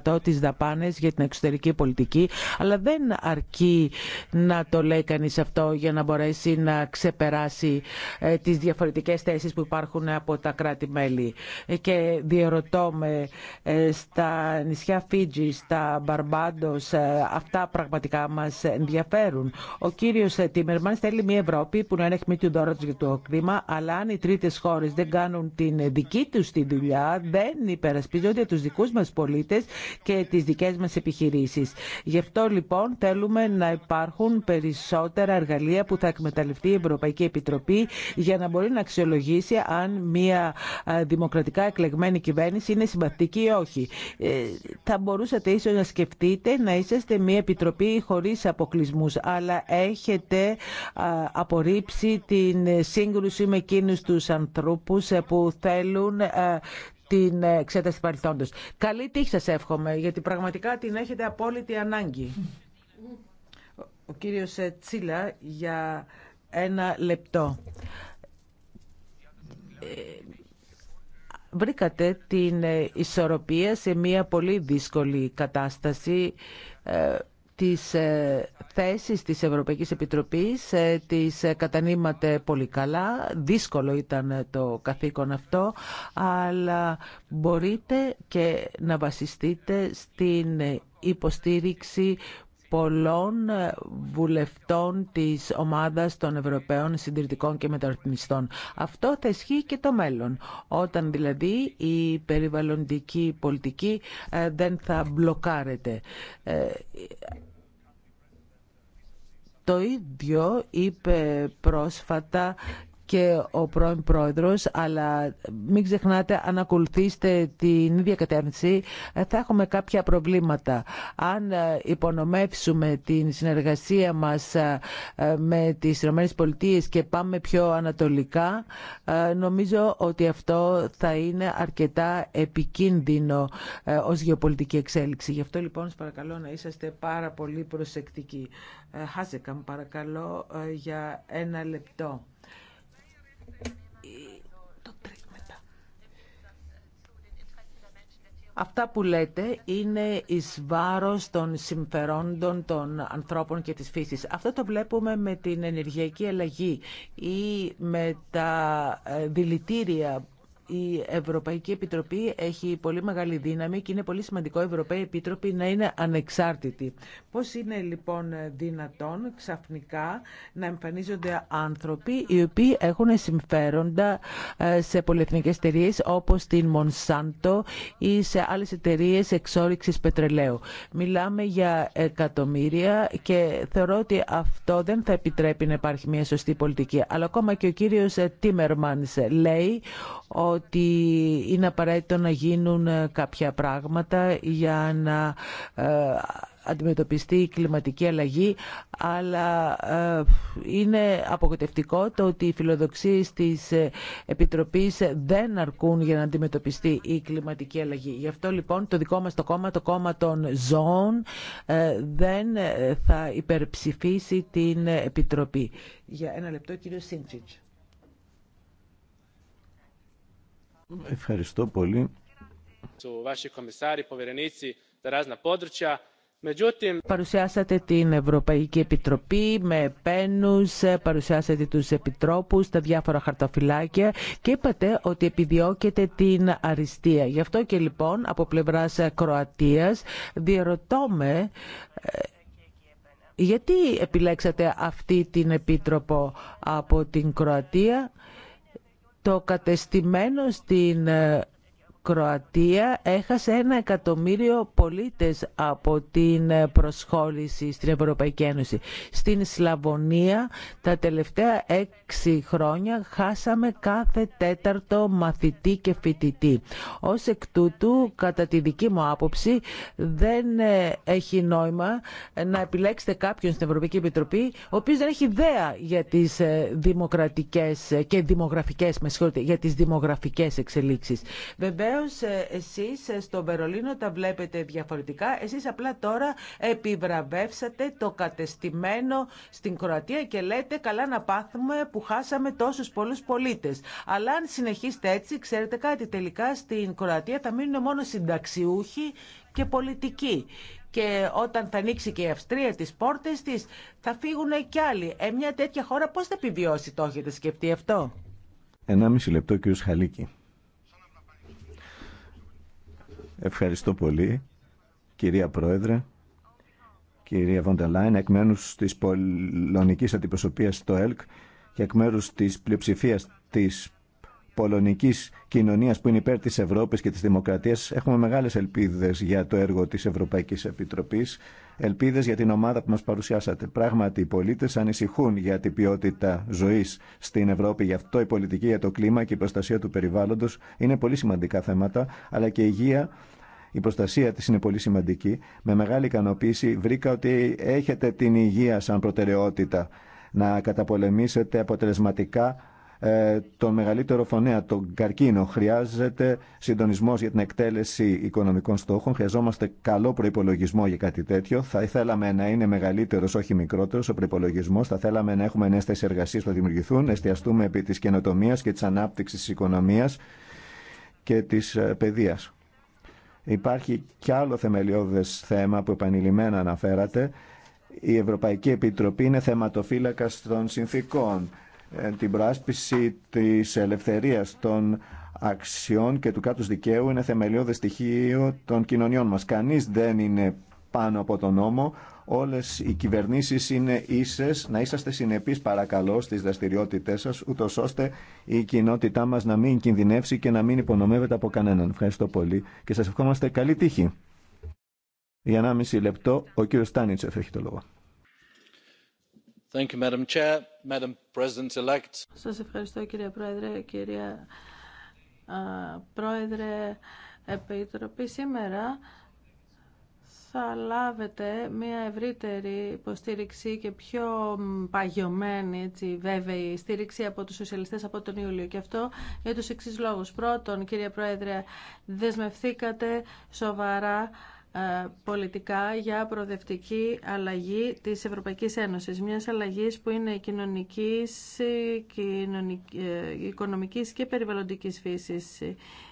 S2: 30% τι δαπάνε για την εξωτερική πολιτική, αλλά δεν αρκεί να το λέει κανεί αυτό για να μπορέσει να ξεπεράσει ε, τι διαφορετικέ θέσει που υπάρχουν από τα κράτη-μέλη. Ε, και διαρωτώ με ε, στα νησιά Φίτζη, στα Μπαρμπάντο, αυτά πραγματικά μα ενδιαφέρουν. Ο κύριο Τίμερμαν θέλει μια Ευρώπη που να είναι με την δώρα του για το κλίμα, αλλά αν οι τρίτε χώρε δεν κάνουν την δική του τη δουλειά, δεν υπερασπίζονται του δικού μα πολίτε και τι δικέ μα επιχειρήσει. Γι' αυτό λοιπόν θέλουμε να υπάρχουν περισσότερα εργαλεία που θα εκμεταλλευτεί η Ευρωπαϊκή Επιτροπή για να μπορεί να αξιολογήσει αν μια δημοκρατικά εκλεγμένη κυβέρνηση είναι συμπαθητική ή όχι. Ε, θα μπορούσατε ίσω να σκεφτείτε να είσαστε μια επιτροπή χωρί αποκλεισμού, αλλά έχει έχετε απορρίψει την σύγκρουση με εκείνους τους ανθρώπους ε, που θέλουν ε, την εξέταση παρελθόντος. Καλή τύχη σας εύχομαι, γιατί πραγματικά την έχετε απόλυτη ανάγκη. Ο κύριος ε, Τσίλα για ένα λεπτό. Βρήκατε την ισορροπία σε μια πολύ δύσκολη κατάσταση τις ε, θέσεις της Ευρωπαϊκής Επιτροπής ε, τις ε, κατανήματε πολύ καλά. Δύσκολο ήταν το καθήκον αυτό, αλλά μπορείτε και να βασιστείτε στην υποστήριξη πολλών ε, βουλευτών της ομάδας των Ευρωπαίων Συντηρητικών και Μεταρρυθμιστών. Αυτό θα ισχύει και το μέλλον, όταν δηλαδή η περιβαλλοντική πολιτική ε, δεν θα μπλοκάρεται. Ε, το ίδιο είπε πρόσφατα και ο πρώην πρόεδρος, αλλά μην ξεχνάτε, αν ακολουθήσετε την ίδια κατεύθυνση, θα έχουμε κάποια προβλήματα. Αν ε, υπονομεύσουμε την συνεργασία μας ε, ε, με τις ΗΠΑ και πάμε πιο ανατολικά, νομίζω ότι αυτό θα είναι αρκετά επικίνδυνο ως γεωπολιτική εξέλιξη. Γι' αυτό λοιπόν σας παρακαλώ να είσαστε πάρα πολύ προσεκτικοί. Χάζεκα, παρακαλώ για ένα λεπτό. Αυτά που λέτε είναι εις βάρος των συμφερόντων των ανθρώπων και της φύσης. Αυτό το βλέπουμε με την ενεργειακή αλλαγή ή με τα ε, δηλητήρια η Ευρωπαϊκή Επιτροπή έχει πολύ μεγάλη δύναμη και είναι πολύ σημαντικό η Ευρωπαϊκή Επιτροπή να είναι ανεξάρτητη. Πώς είναι λοιπόν δυνατόν ξαφνικά να εμφανίζονται άνθρωποι οι οποίοι έχουν συμφέροντα ε, σε πολυεθνικές εταιρείε όπως την Μονσάντο ή σε άλλες εταιρείε εξόριξης πετρελαίου. Μιλάμε για εκατομμύρια και θεωρώ ότι αυτό δεν θα επιτρέπει να υπάρχει μια σωστή πολιτική. Αλλά ακόμα και ο κύριος Τίμερμανς λέει ότι είναι απαραίτητο να γίνουν ε, κάποια πράγματα για να ε, αντιμετωπιστεί η κλιματική αλλαγή, αλλά ε, είναι απογοητευτικό το ότι οι φιλοδοξίες της Επιτροπής δεν αρκούν για να αντιμετωπιστεί η κλιματική αλλαγή. Γι' αυτό λοιπόν το δικό μας το κόμμα, το κόμμα των ζώων, δεν θα υπερψηφίσει την Επιτροπή. Για ένα λεπτό, κύριο Σίντσιτς. Ευχαριστώ πολύ. Παρουσιάσατε την Ευρωπαϊκή Επιτροπή με πένους, παρουσιάσατε τους επιτρόπους, τα διάφορα χαρτοφυλάκια και είπατε ότι επιδιώκετε την αριστεία. Γι' αυτό και λοιπόν από πλευράς Κροατίας διαρωτώ με ε, γιατί επιλέξατε αυτή την επίτροπο από την Κροατία το κατεστημένο στην ε, Κροατία έχασε ένα εκατομμύριο πολίτες από την προσχόληση στην Ευρωπαϊκή Ένωση. Στην Σλαβωνία τα τελευταία έξι χρόνια χάσαμε κάθε τέταρτο μαθητή και φοιτητή. Ως εκ τούτου, κατά τη δική μου άποψη, δεν ε, έχει νόημα να επιλέξετε κάποιον στην Ευρωπαϊκή Επιτροπή, ο οποίος δεν έχει ιδέα για τις ε, δημοκρατικές και δημογραφικές, με για τις δημογραφικές εξελίξεις. Βεβαίως ε, εσείς ε, στο Βερολίνο τα βλέπετε διαφορετικά. Εσείς απλά τώρα επιβραβεύσατε το κατεστημένο στην Κροατία και λέτε καλά να πάθουμε που χάσαμε τόσους πολλούς πολίτες. Αλλά αν συνεχίσετε έτσι, ξέρετε κάτι, τελικά στην Κροατία θα μείνουν μόνο συνταξιούχοι και πολιτικοί και όταν θα ανοίξει και η Αυστρία τις πόρτες της θα φύγουν και άλλοι. Ε, μια τέτοια χώρα πώς θα επιβιώσει, το έχετε σκεφτεί αυτό.
S1: 1,5 λεπτό κύριος Χαλίκη. Ευχαριστώ πολύ, κυρία Πρόεδρε, κυρία Βοντελάιν, εκ μέρου τη πολωνική αντιπροσωπεία στο ΕΛΚ και εκ μέρου τη πλειοψηφία τη πολωνική κοινωνία που είναι υπέρ τη Ευρώπη και τη Δημοκρατία, έχουμε μεγάλε ελπίδε για το έργο τη Ευρωπαϊκή Επιτροπή ελπίδε για την ομάδα που μα παρουσιάσατε. Πράγματι, οι πολίτε ανησυχούν για την ποιότητα ζωή στην Ευρώπη. Γι' αυτό η πολιτική για το κλίμα και η προστασία του περιβάλλοντο είναι πολύ σημαντικά θέματα, αλλά και η υγεία η προστασία της είναι πολύ σημαντική. Με μεγάλη ικανοποίηση βρήκα ότι έχετε την υγεία σαν προτεραιότητα να καταπολεμήσετε αποτελεσματικά ε, το μεγαλύτερο φωνέα, το καρκίνο. Χρειάζεται συντονισμό για την εκτέλεση οικονομικών στόχων. Χρειαζόμαστε καλό προπολογισμό για κάτι τέτοιο. Θα ήθελαμε να είναι μεγαλύτερο, όχι μικρότερο ο προπολογισμό. Θα θέλαμε να έχουμε νέε θέσει εργασία που θα δημιουργηθούν. Εστιαστούμε επί τη καινοτομία και της ανάπτυξη τη οικονομία και τη ε, παιδεία. Υπάρχει κι άλλο θεμελιώδες θέμα που επανειλημμένα αναφέρατε. Η Ευρωπαϊκή Επιτροπή είναι θεματοφύλακα των συνθήκων την προάσπιση της ελευθερίας των αξιών και του κράτους δικαίου είναι θεμελιώδες στοιχείο των κοινωνιών μας. Κανείς δεν είναι πάνω από τον νόμο. Όλες οι κυβερνήσεις είναι ίσες. Να είσαστε συνεπείς παρακαλώ στις δραστηριότητές σας, ούτω ώστε η κοινότητά μας να μην κινδυνεύσει και να μην υπονομεύεται από κανέναν. Ευχαριστώ πολύ και σας ευχόμαστε καλή τύχη. Για 1,5 λεπτό ο κύριος Τάνιτσεφ έχει το λόγο.
S3: Σας ευχαριστώ κύριε Πρόεδρε, κυρία Πρόεδρε Επιτροπή. Σήμερα θα λάβετε μια ευρύτερη υποστήριξη και πιο παγιωμένη, έτσι, βέβαιη στήριξη από τους σοσιαλιστές από τον Ιούλιο. Και αυτό για τους εξής λόγους. Πρώτον, κύριε Πρόεδρε, δεσμευθήκατε σοβαρά ε, πολιτικά για προοδευτική αλλαγή της Ευρωπαϊκής Ένωσης. Μιας αλλαγής που είναι κοινωνικής, κοινωνική, ε, οικονομικής και περιβαλλοντικής φύσης.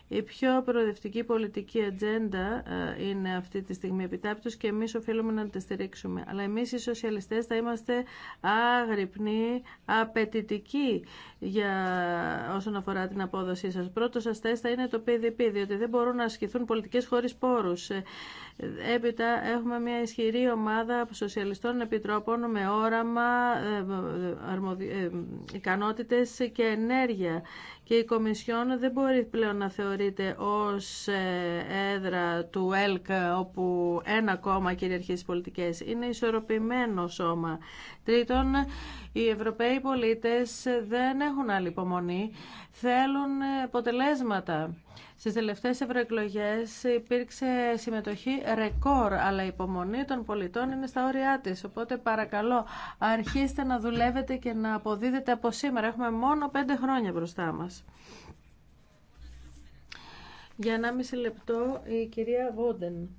S3: Η πιο προοδευτική πολιτική ατζέντα ε, είναι αυτή τη στιγμή επιτάπτως και εμείς οφείλουμε να τη στηρίξουμε. Αλλά εμείς οι σοσιαλιστές θα είμαστε άγρυπνοι, απαιτητικοί για όσον αφορά την απόδοσή σας. Πρώτος σας είναι το PDP, διότι δεν μπορούν να ασκηθούν πολιτικές χωρίς πόρους. Έπειτα έχουμε μια ισχυρή ομάδα σοσιαλιστών επιτρόπων με όραμα, ε, αρμοδι... Ε, ικανότητες και ενέργεια. Και η Κομισιόν δεν μπορεί πλέον να θεωρείται ως ε, έδρα του ΕΛΚ όπου ένα κόμμα κυριαρχεί στις πολιτικές. Είναι ισορροπημένο σώμα. Τρίτον, οι Ευρωπαίοι πολίτες δεν έχουν άλλη υπομονή. Θέλουν αποτελέσματα. Στις τελευταίες ευρωεκλογές υπήρξε συμμετοχή ρεκόρ, αλλά η υπομονή των πολιτών είναι στα όρια της. Οπότε παρακαλώ, αρχίστε να δουλεύετε και να αποδίδετε από σήμερα. Έχουμε μόνο πέντε χρόνια μπροστά μας. Για μισή λεπτό η κυρία Βόντεν.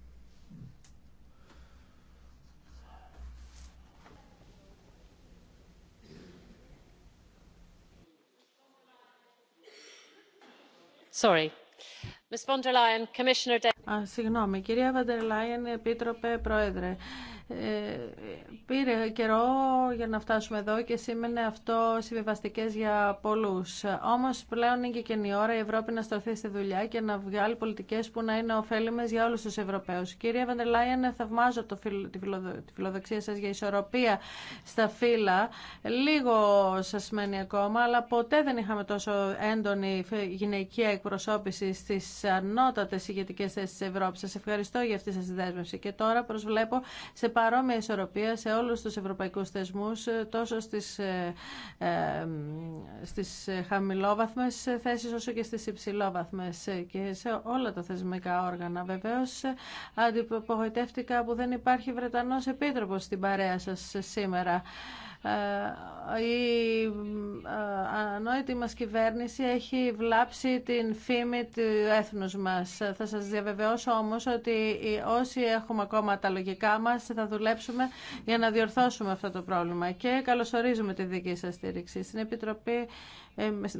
S3: Sorry. Συγγνώμη, κυρία Βαντερ Λάιεν, Επίτροπε, Πρόεδρε. Ε, πήρε καιρό για να φτάσουμε εδώ και σήμαινε αυτό συμβιβαστικέ για πολλού. Όμω πλέον είναι και καινή ώρα η Ευρώπη να σταθεί στη δουλειά και να βγάλει πολιτικέ που να είναι ωφέλιμε για όλου του Ευρωπαίου. Κυρία Βαντελάιεν, θαυμάζω το τη, φιλοδο, τη φιλοδοξία σα για ισορροπία στα φύλλα. Λίγο σα μένει ακόμα, αλλά ποτέ δεν είχαμε τόσο έντονη γυναικεία εκπροσώπηση στι ανώτατε ηγετικέ θέσει τη Ευρώπη. Σα ευχαριστώ για αυτή σα δέσμευση. Και τώρα προσβλέπω σε παρόμοια ισορροπία σε όλους τους ευρωπαϊκούς θεσμούς, ε, τόσο στις, ε, ε στις ε, χαμηλόβαθμες θέσεις όσο και στις υψηλόβαθμες και σε όλα τα θεσμικά όργανα. Βεβαίως, αντιπογοητεύτηκα που δεν υπάρχει Βρετανός Επίτροπος στην παρέα σας σήμερα. Ε, η ε, ανόητη μας κυβέρνηση έχει βλάψει την φήμη του έθνους μας. Θα σας διαβεβαιώσω όμως ότι όσοι έχουμε ακόμα τα λογικά μας θα δουλέψουμε για να διορθώσουμε αυτό το πρόβλημα και καλωσορίζουμε τη δική σας στήριξη. Στην Επιτροπή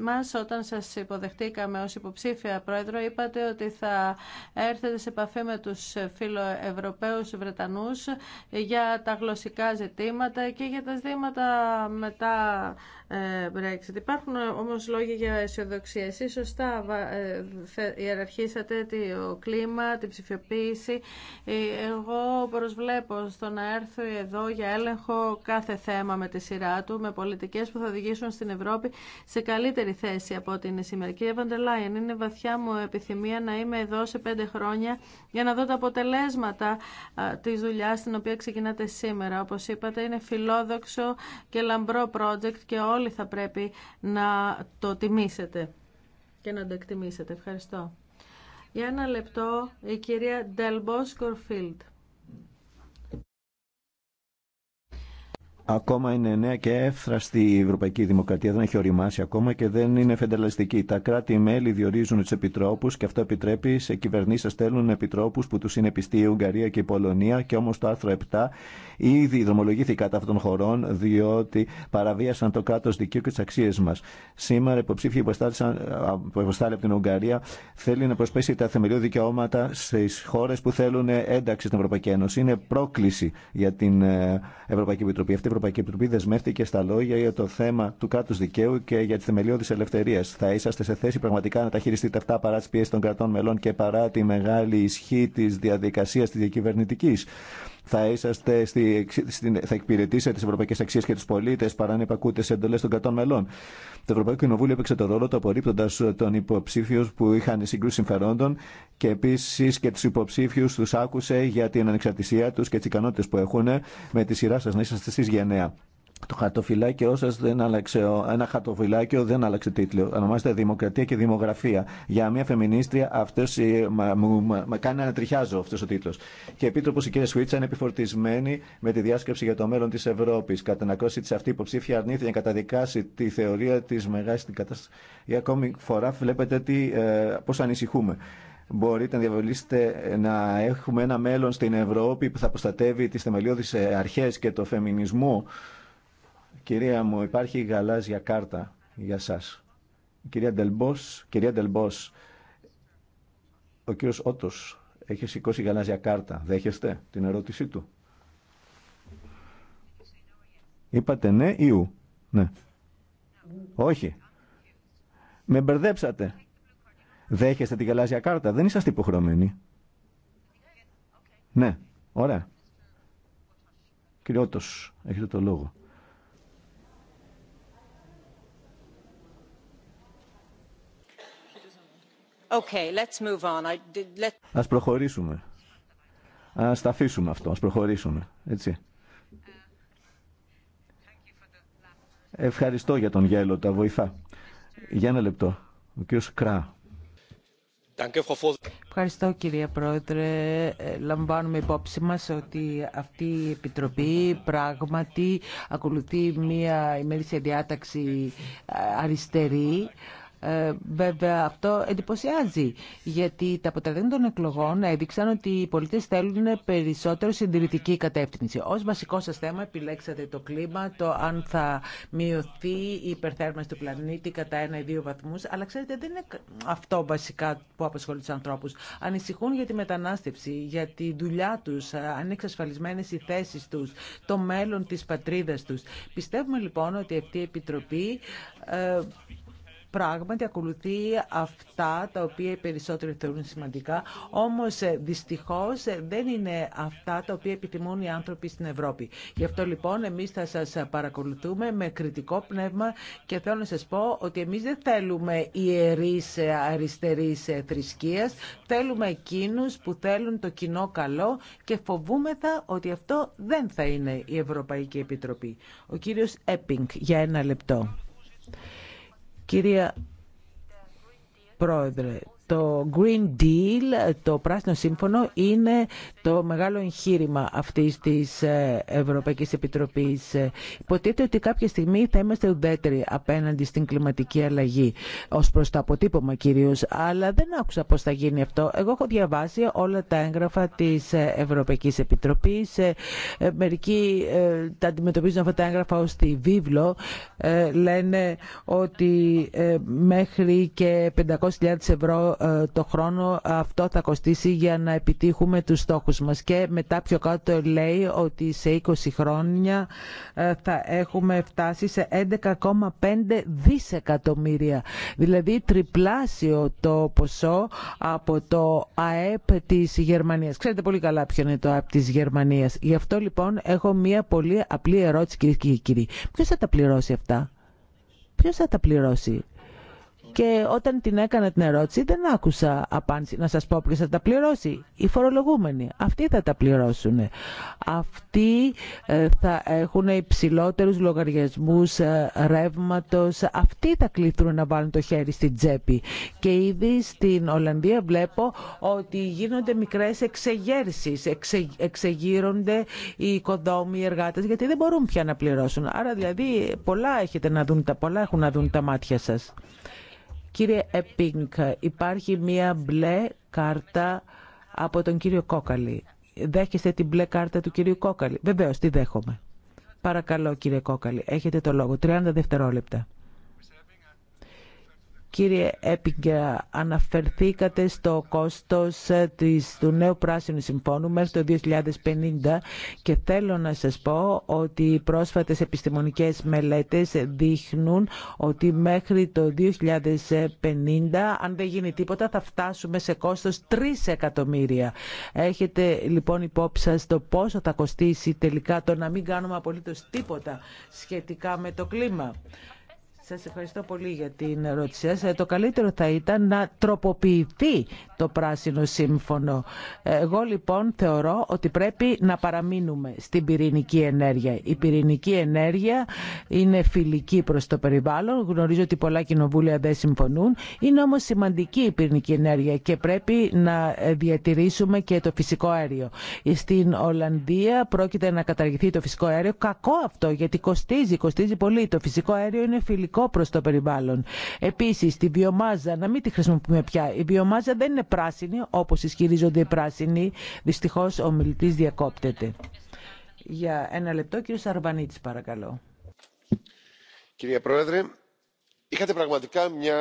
S3: μας όταν σας υποδεχτήκαμε ως υποψήφια πρόεδρο είπατε ότι θα έρθετε σε επαφή με τους φιλοευρωπαίους Βρετανούς για τα γλωσσικά ζητήματα και για τα ζητήματα μετά ε, Brexit. Υπάρχουν ε, όμως λόγοι για αισιοδοξία. Εσείς σωστά ε, ιεραρχήσατε το κλίμα, την ψηφιοποίηση. Εγώ προσβλέπω στο να έρθω εδώ για έλεγχο κάθε θέμα με τη σειρά του, με πολιτικές που θα οδηγήσουν στην Ευρώπη σε καλύτερη θέση από ό,τι είναι σήμερα. Κύριε Βαντελάιεν, είναι βαθιά μου επιθυμία να είμαι εδώ σε πέντε χρόνια για να δω τα αποτελέσματα της δουλειά την οποία ξεκινάτε σήμερα. Όπως είπατε, είναι φιλόδοξο και λαμπρό project και όλοι όλοι θα πρέπει να το τιμήσετε και να το εκτιμήσετε. Ευχαριστώ. Για ένα λεπτό η κυρία Ντελμπό Σκορφίλτ.
S1: ακόμα είναι νέα και εύθραστη η Ευρωπαϊκή Δημοκρατία, δεν έχει οριμάσει ακόμα και δεν είναι φεντεραλιστική. Τα κράτη-μέλη διορίζουν του επιτρόπου και αυτό επιτρέπει σε κυβερνήσει να στέλνουν επιτρόπου που του είναι πιστοί η Ουγγαρία και η Πολωνία. Και όμω το άρθρο 7 ήδη δρομολογήθηκε κατά αυτών των χωρών, διότι παραβίασαν το κράτο δικαίου και τι αξίε μα. Σήμερα, υποψήφοι που υποστάλλει από την Ουγγαρία θέλει να προσπέσει τα θεμελιώδη δικαιώματα στι χώρε που θέλουν ένταξη στην Ευρωπαϊκή Ένωση. Είναι πρόκληση για την ε, Ευρωπαϊκή Επιτροπή. Αυτή Ευρωπαϊκή Επιτροπή δεσμεύτηκε στα λόγια για το θέμα του κράτου δικαίου και για τι θεμελιώδει ελευθερίε. Θα είσαστε σε θέση πραγματικά να τα χειριστείτε αυτά παρά τι πιέσει των κρατών μελών και παρά τη μεγάλη ισχύ τη διαδικασία τη διακυβερνητική θα, είσαστε στη, στην, θα εκπηρετήσετε τι ευρωπαϊκέ αξίε και του πολίτε παρά να υπακούτε σε εντολέ των κρατών μελών. Το Ευρωπαϊκό Κοινοβούλιο έπαιξε το ρόλο του απορρίπτοντα ε, τον υποψήφιου που είχαν συγκρούσει συμφερόντων και επίση και του υποψήφιου του άκουσε για την ανεξαρτησία του και τι ικανότητε που έχουν με τη σειρά σα να είσαστε εσεί γενναία. Το χαρτοφυλάκιό σα δεν άλλαξε. Ένα χαρτοφυλάκιο δεν άλλαξε τίτλο. Ονομάζεται Δημοκρατία και Δημογραφία. Για μια φεμινίστρια αυτό με κάνει να τριχιάζω αυτό ο τίτλο. Και η επίτροπο η κυρία Σουίτσα είναι επιφορτισμένη με τη διάσκεψη για το μέλλον τη Ευρώπη. Κατά να ακούσει τη αυτή υποψήφια αρνήθηκε να καταδικάσει τη θεωρία τη μεγάλη την κατάσταση. Ή ακόμη φορά βλέπετε ε, ανησυχούμε μπορείτε να διαβολήσετε ε, να έχουμε ένα μέλλον στην Ευρώπη που θα προστατεύει τι θεμελιώδει ε, αρχέ και το φεμινισμό Κυρία μου, υπάρχει γαλάζια κάρτα για σας. Κυρία Ντελμπός, κυρία Ντελμπός, ο κύριος Ότος έχει σηκώσει γαλάζια κάρτα. Δέχεστε την ερώτησή του. Είπατε ναι ή ου. Ναι. Όχι. Με μπερδέψατε. Δέχεστε τη γαλάζια κάρτα. Δεν είσαστε υποχρεωμένοι. Ναι. Ωραία. Κύριε Ότος, έχετε το λόγο. Okay, Ας προχωρήσουμε. Ας τα αφήσουμε αυτό, ας προχωρήσουμε. Έτσι. Ευχαριστώ για τον γέλο, τα βοηθά. Για ένα λεπτό. Ο κύριος Κρά.
S2: Ευχαριστώ κυρία Πρόεδρε. Ε, λαμβάνουμε υπόψη μας ότι αυτή η Επιτροπή πράγματι ακολουθεί μια ημερήσια διάταξη ε, αριστερή ε, βέβαια αυτό εντυπωσιάζει, γιατί τα αποτελέσματα των εκλογών έδειξαν ότι οι πολίτες θέλουν περισσότερο συντηρητική κατεύθυνση. Ως βασικό σας θέμα επιλέξατε το κλίμα, το αν θα μειωθεί η υπερθέρμανση του πλανήτη κατά ένα ή δύο βαθμούς, αλλά ξέρετε δεν είναι αυτό βασικά που απασχολεί τους ανθρώπους. Ανησυχούν για τη μετανάστευση, για τη δουλειά τους, αν είναι εξασφαλισμένες οι θέσεις τους, το μέλλον της πατρίδας τους. Πιστεύουμε λοιπόν ότι αυτή η Επιτροπή ε, πράγματι ακολουθεί αυτά τα οποία οι περισσότεροι θεωρούν σημαντικά, όμως ε, δυστυχώς ε, δεν είναι αυτά τα οποία επιτιμούν οι άνθρωποι στην Ευρώπη. Γι' αυτό λοιπόν εμείς θα σας παρακολουθούμε με κριτικό πνεύμα και θέλω να σας πω ότι εμείς δεν θέλουμε ιερείς ε, αριστερής θρησκείας, θέλουμε εκείνους που θέλουν το κοινό καλό και φοβούμεθα ότι αυτό δεν θα είναι η Ευρωπαϊκή Επιτροπή. Ο κύριος Έπινγκ για ένα λεπτό. Κυρία Πρόεδρε, το Green Deal, το Πράσινο Σύμφωνο, είναι το μεγάλο εγχείρημα αυτής της ε, Ευρωπαϊκής Επιτροπής. Υποτίθεται ότι κάποια στιγμή θα είμαστε ουδέτεροι απέναντι στην κλιματική αλλαγή, ως προς το αποτύπωμα κυρίως, αλλά δεν άκουσα πώς θα γίνει αυτό. Εγώ έχω διαβάσει όλα τα έγγραφα της ε, Ευρωπαϊκής Επιτροπής. Ε, μερικοί τα αντιμετωπίζουν αυτά τα έγγραφα ως τη βίβλο. Λένε ότι μέχρι και 500.000 ευρώ ε, το χρόνο αυτό θα κοστίσει για να επιτύχουμε τους στόχους μας. Και μετά πιο κάτω λέει ότι σε 20 χρόνια ε, θα έχουμε φτάσει σε 11,5 δισεκατομμύρια. Δηλαδή τριπλάσιο το ποσό από το ΑΕΠ της Γερμανίας. Ξέρετε πολύ καλά ποιο είναι το ΑΕΠ της Γερμανίας. Γι' αυτό λοιπόν έχω μία πολύ απλή ερώτηση κύριε και κύριοι. Ποιος θα τα πληρώσει αυτά. Ποιος θα τα πληρώσει και όταν την έκανα την ερώτηση δεν άκουσα απάντηση να σας πω ποιος θα τα πληρώσει. Οι φορολογούμενοι. Αυτοί θα τα πληρώσουν. Αυτοί ε, θα έχουν υψηλότερους λογαριασμούς ε, ρεύματος. Αυτοί θα κληθούν να βάλουν το χέρι στην τσέπη. Και ήδη στην Ολλανδία βλέπω ότι γίνονται μικρές εξεγέρσεις. Εξε, εξεγείρονται οι οικοδόμοι, οι εργάτες γιατί δεν μπορούν πια να πληρώσουν. Άρα δηλαδή πολλά έχετε να δουν, πολλά έχουν να δουν τα μάτια σας. Κύριε Επίνκ, υπάρχει μία μπλε κάρτα από τον κύριο Κόκαλη. Δέχεστε την μπλε κάρτα του κύριου Κόκαλη. Βεβαίως, τη δέχομαι. Παρακαλώ κύριε Κόκαλη, έχετε το λόγο. 30 δευτερόλεπτα. Κύριε Έπικα, αναφερθήκατε στο κόστος ε, της, του νέου πράσινου συμφώνου μέχρι το 2050 και θέλω να σας πω ότι οι πρόσφατες επιστημονικές μελέτες δείχνουν ότι μέχρι το 2050 αν δεν γίνει τίποτα θα φτάσουμε σε κόστος 3 εκατομμύρια. Έχετε λοιπόν υπόψη σας το πόσο θα κοστίσει τελικά το να μην κάνουμε απολύτως τίποτα σχετικά με το κλίμα. Σας ευχαριστώ πολύ για την ερώτησή σας. Ε, το καλύτερο θα ήταν να τροποποιηθεί το πράσινο σύμφωνο. Εγώ λοιπόν θεωρώ ότι πρέπει να παραμείνουμε στην πυρηνική ενέργεια. Η πυρηνική ενέργεια είναι φιλική προς το περιβάλλον. Γνωρίζω ότι πολλά κοινοβούλια δεν συμφωνούν. Είναι όμως σημαντική η πυρηνική ενέργεια και πρέπει να διατηρήσουμε και το φυσικό αέριο. Στην Ολλανδία πρόκειται να καταργηθεί το φυσικό αέριο. Κακό αυτό γιατί κοστίζει, κοστίζει πολύ. Το φυσικό αέριο είναι φιλικό θετικό προς το περιβάλλον. Επίσης, τη βιομάζα, να μην τη χρησιμοποιούμε πια. Η βιομάζα δεν είναι πράσινη, όπως ισχυρίζονται οι πράσινοι. Δυστυχώς, ο μιλητής διακόπτεται. Για ένα λεπτό, κύριο Σαρβανίτης, παρακαλώ. Κυρία Πρόεδρε, είχατε πραγματικά μια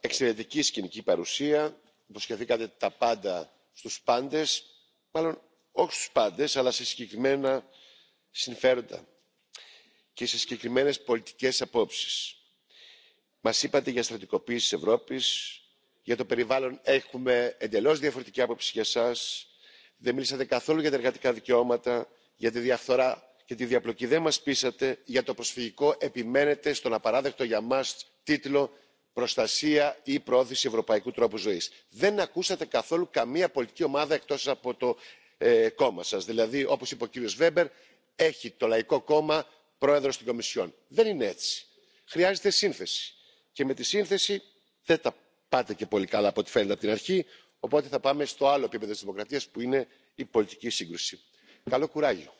S2: εξαιρετική
S1: σκηνική παρουσία. Υποσχεθήκατε τα πάντα στους πάντες, μάλλον όχι στους πάντες, αλλά σε συγκεκριμένα συμφέροντα και σε συγκεκριμένε πολιτικές απόψεις μας είπατε για στρατικοποίηση της ευρώπης για το περιβάλλον έχουμε εντελώς διαφορετική άποψη για εσάς δεν μίλησατε καθόλου για τα εργατικά δικαιώματα για τη διαφθορά και τη διαπλοκή δεν μας πείσατε για το προσφυγικό επιμένετε στον απαράδεκτο για μας τίτλο προστασία ή πρόθεση ευρωπαϊκού τρόπου ζωής. δεν ακούσατε καθόλου καμία πολιτική ομάδα εκτός από το ε, κόμμα σας δηλαδή όπως είπε ο κύριος Βέμπερ έχει το λαϊκό κόμμα πρόεδρο στην κομισιόν. δεν είναι έτσι. χρειάζεται σύνθεση και με τη σύνθεση δεν τα πάτε και πολύ καλά από ό,τι φαίνεται από την αρχή οπότε θα πάμε στο άλλο επίπεδο της δημοκρατίας που είναι η πολιτική
S3: σύγκρουση. καλό κουράγιο.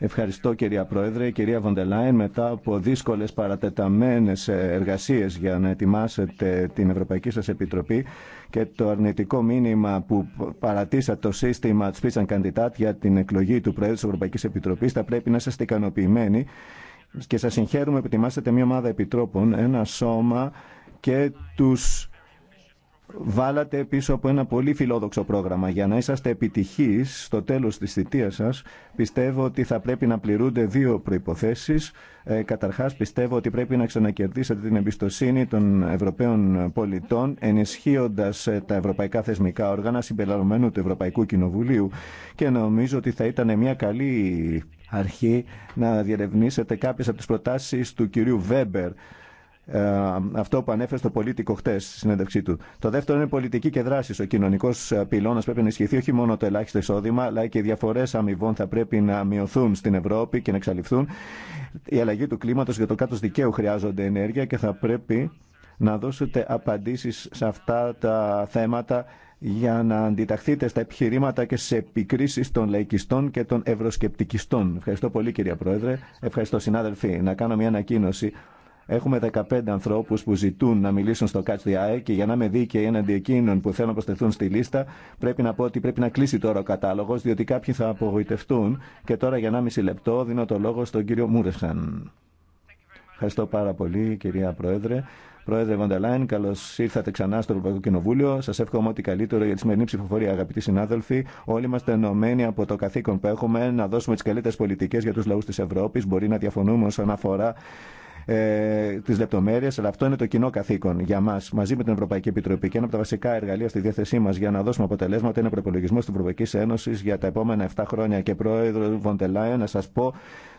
S1: Ευχαριστώ κυρία Πρόεδρε. Κυρία Βοντελάιν, μετά από δύσκολες παρατεταμένες εργασίες για να ετοιμάσετε την Ευρωπαϊκή σας Επιτροπή και το αρνητικό μήνυμα που παρατήσατε το σύστημα τη Πίτσα Καντιτάτ για την εκλογή του Πρόεδρου της Ευρωπαϊκής Επιτροπής, θα πρέπει να είστε ικανοποιημένοι και σας συγχαίρουμε που ετοιμάσετε μια ομάδα επιτρόπων, ένα σώμα και τους βάλατε πίσω από ένα πολύ φιλόδοξο πρόγραμμα. Για να είσαστε επιτυχείς στο τέλος της θητείας σας, πιστεύω ότι θα πρέπει να πληρούνται δύο προϋποθέσεις. Ε, καταρχάς, πιστεύω ότι πρέπει να ξανακερδίσετε την εμπιστοσύνη των Ευρωπαίων πολιτών, ενισχύοντας ε, τα ευρωπαϊκά θεσμικά όργανα συμπεριλαμβανομένου του Ευρωπαϊκού Κοινοβουλίου. Και νομίζω ότι θα ήταν μια καλή αρχή να διερευνήσετε κάποιες από τις προτάσεις του κυρίου Βέμπερ ε, αυτό που ανέφερε στο πολίτικο χτε στη συνέντευξή του. Το δεύτερο είναι πολιτική και δράση. Ο κοινωνικό ε, πυλώνα πρέπει να ισχυθεί όχι μόνο το ελάχιστο εισόδημα, αλλά και οι διαφορέ αμοιβών θα πρέπει να μειωθούν στην Ευρώπη και να εξαλειφθούν. Η αλλαγή του κλίματο για το κάτω δικαίου χρειάζονται ενέργεια και θα πρέπει να δώσετε απαντήσει σε αυτά τα θέματα για να αντιταχθείτε στα επιχειρήματα και σε επικρίσει των λαϊκιστών και των ευρωσκεπτικιστών. Ευχαριστώ πολύ κυρία Πρόεδρε. Ευχαριστώ συνάδελφοι. Να κάνω μια ανακοίνωση. Έχουμε 15 ανθρώπους που ζητούν να μιλήσουν στο Catch the Eye και για να είμαι δίκαιη έναντι εκείνων που θέλουν να προσθεθούν στη λίστα, πρέπει να πω ότι πρέπει να κλείσει τώρα ο κατάλογο, διότι κάποιοι θα απογοητευτούν. Και τώρα για 1,5 λεπτό δίνω το λόγο στον κύριο Μούρεσαν. Ευχαριστώ πάρα πολύ, κυρία Πρόεδρε. Πρόεδρε Βοντελάιν, καλώ ήρθατε ξανά στο Ευρωπαϊκό Κοινοβούλιο. Σα εύχομαι ό,τι καλύτερο για τη σημερινή ψηφοφορία, αγαπητοί συνάδελφοι. Όλοι είμαστε ενωμένοι από το καθήκον που έχουμε να δώσουμε τι καλύτερε πολιτικέ για του λαού τη Ευρώπη. Μπορεί να διαφωνούμε όσον αφορά ε, τι λεπτομέρειε, αλλά αυτό είναι το κοινό καθήκον για μα, μαζί με την Ευρωπαϊκή Επιτροπή. Και ένα από τα βασικά εργαλεία στη διάθεσή μα για να δώσουμε αποτελέσματα είναι ο προπολογισμό τη Ευρωπαϊκή Ένωση για τα επόμενα 7 χρόνια. Και πρόεδρο Βοντελάια, να σα πω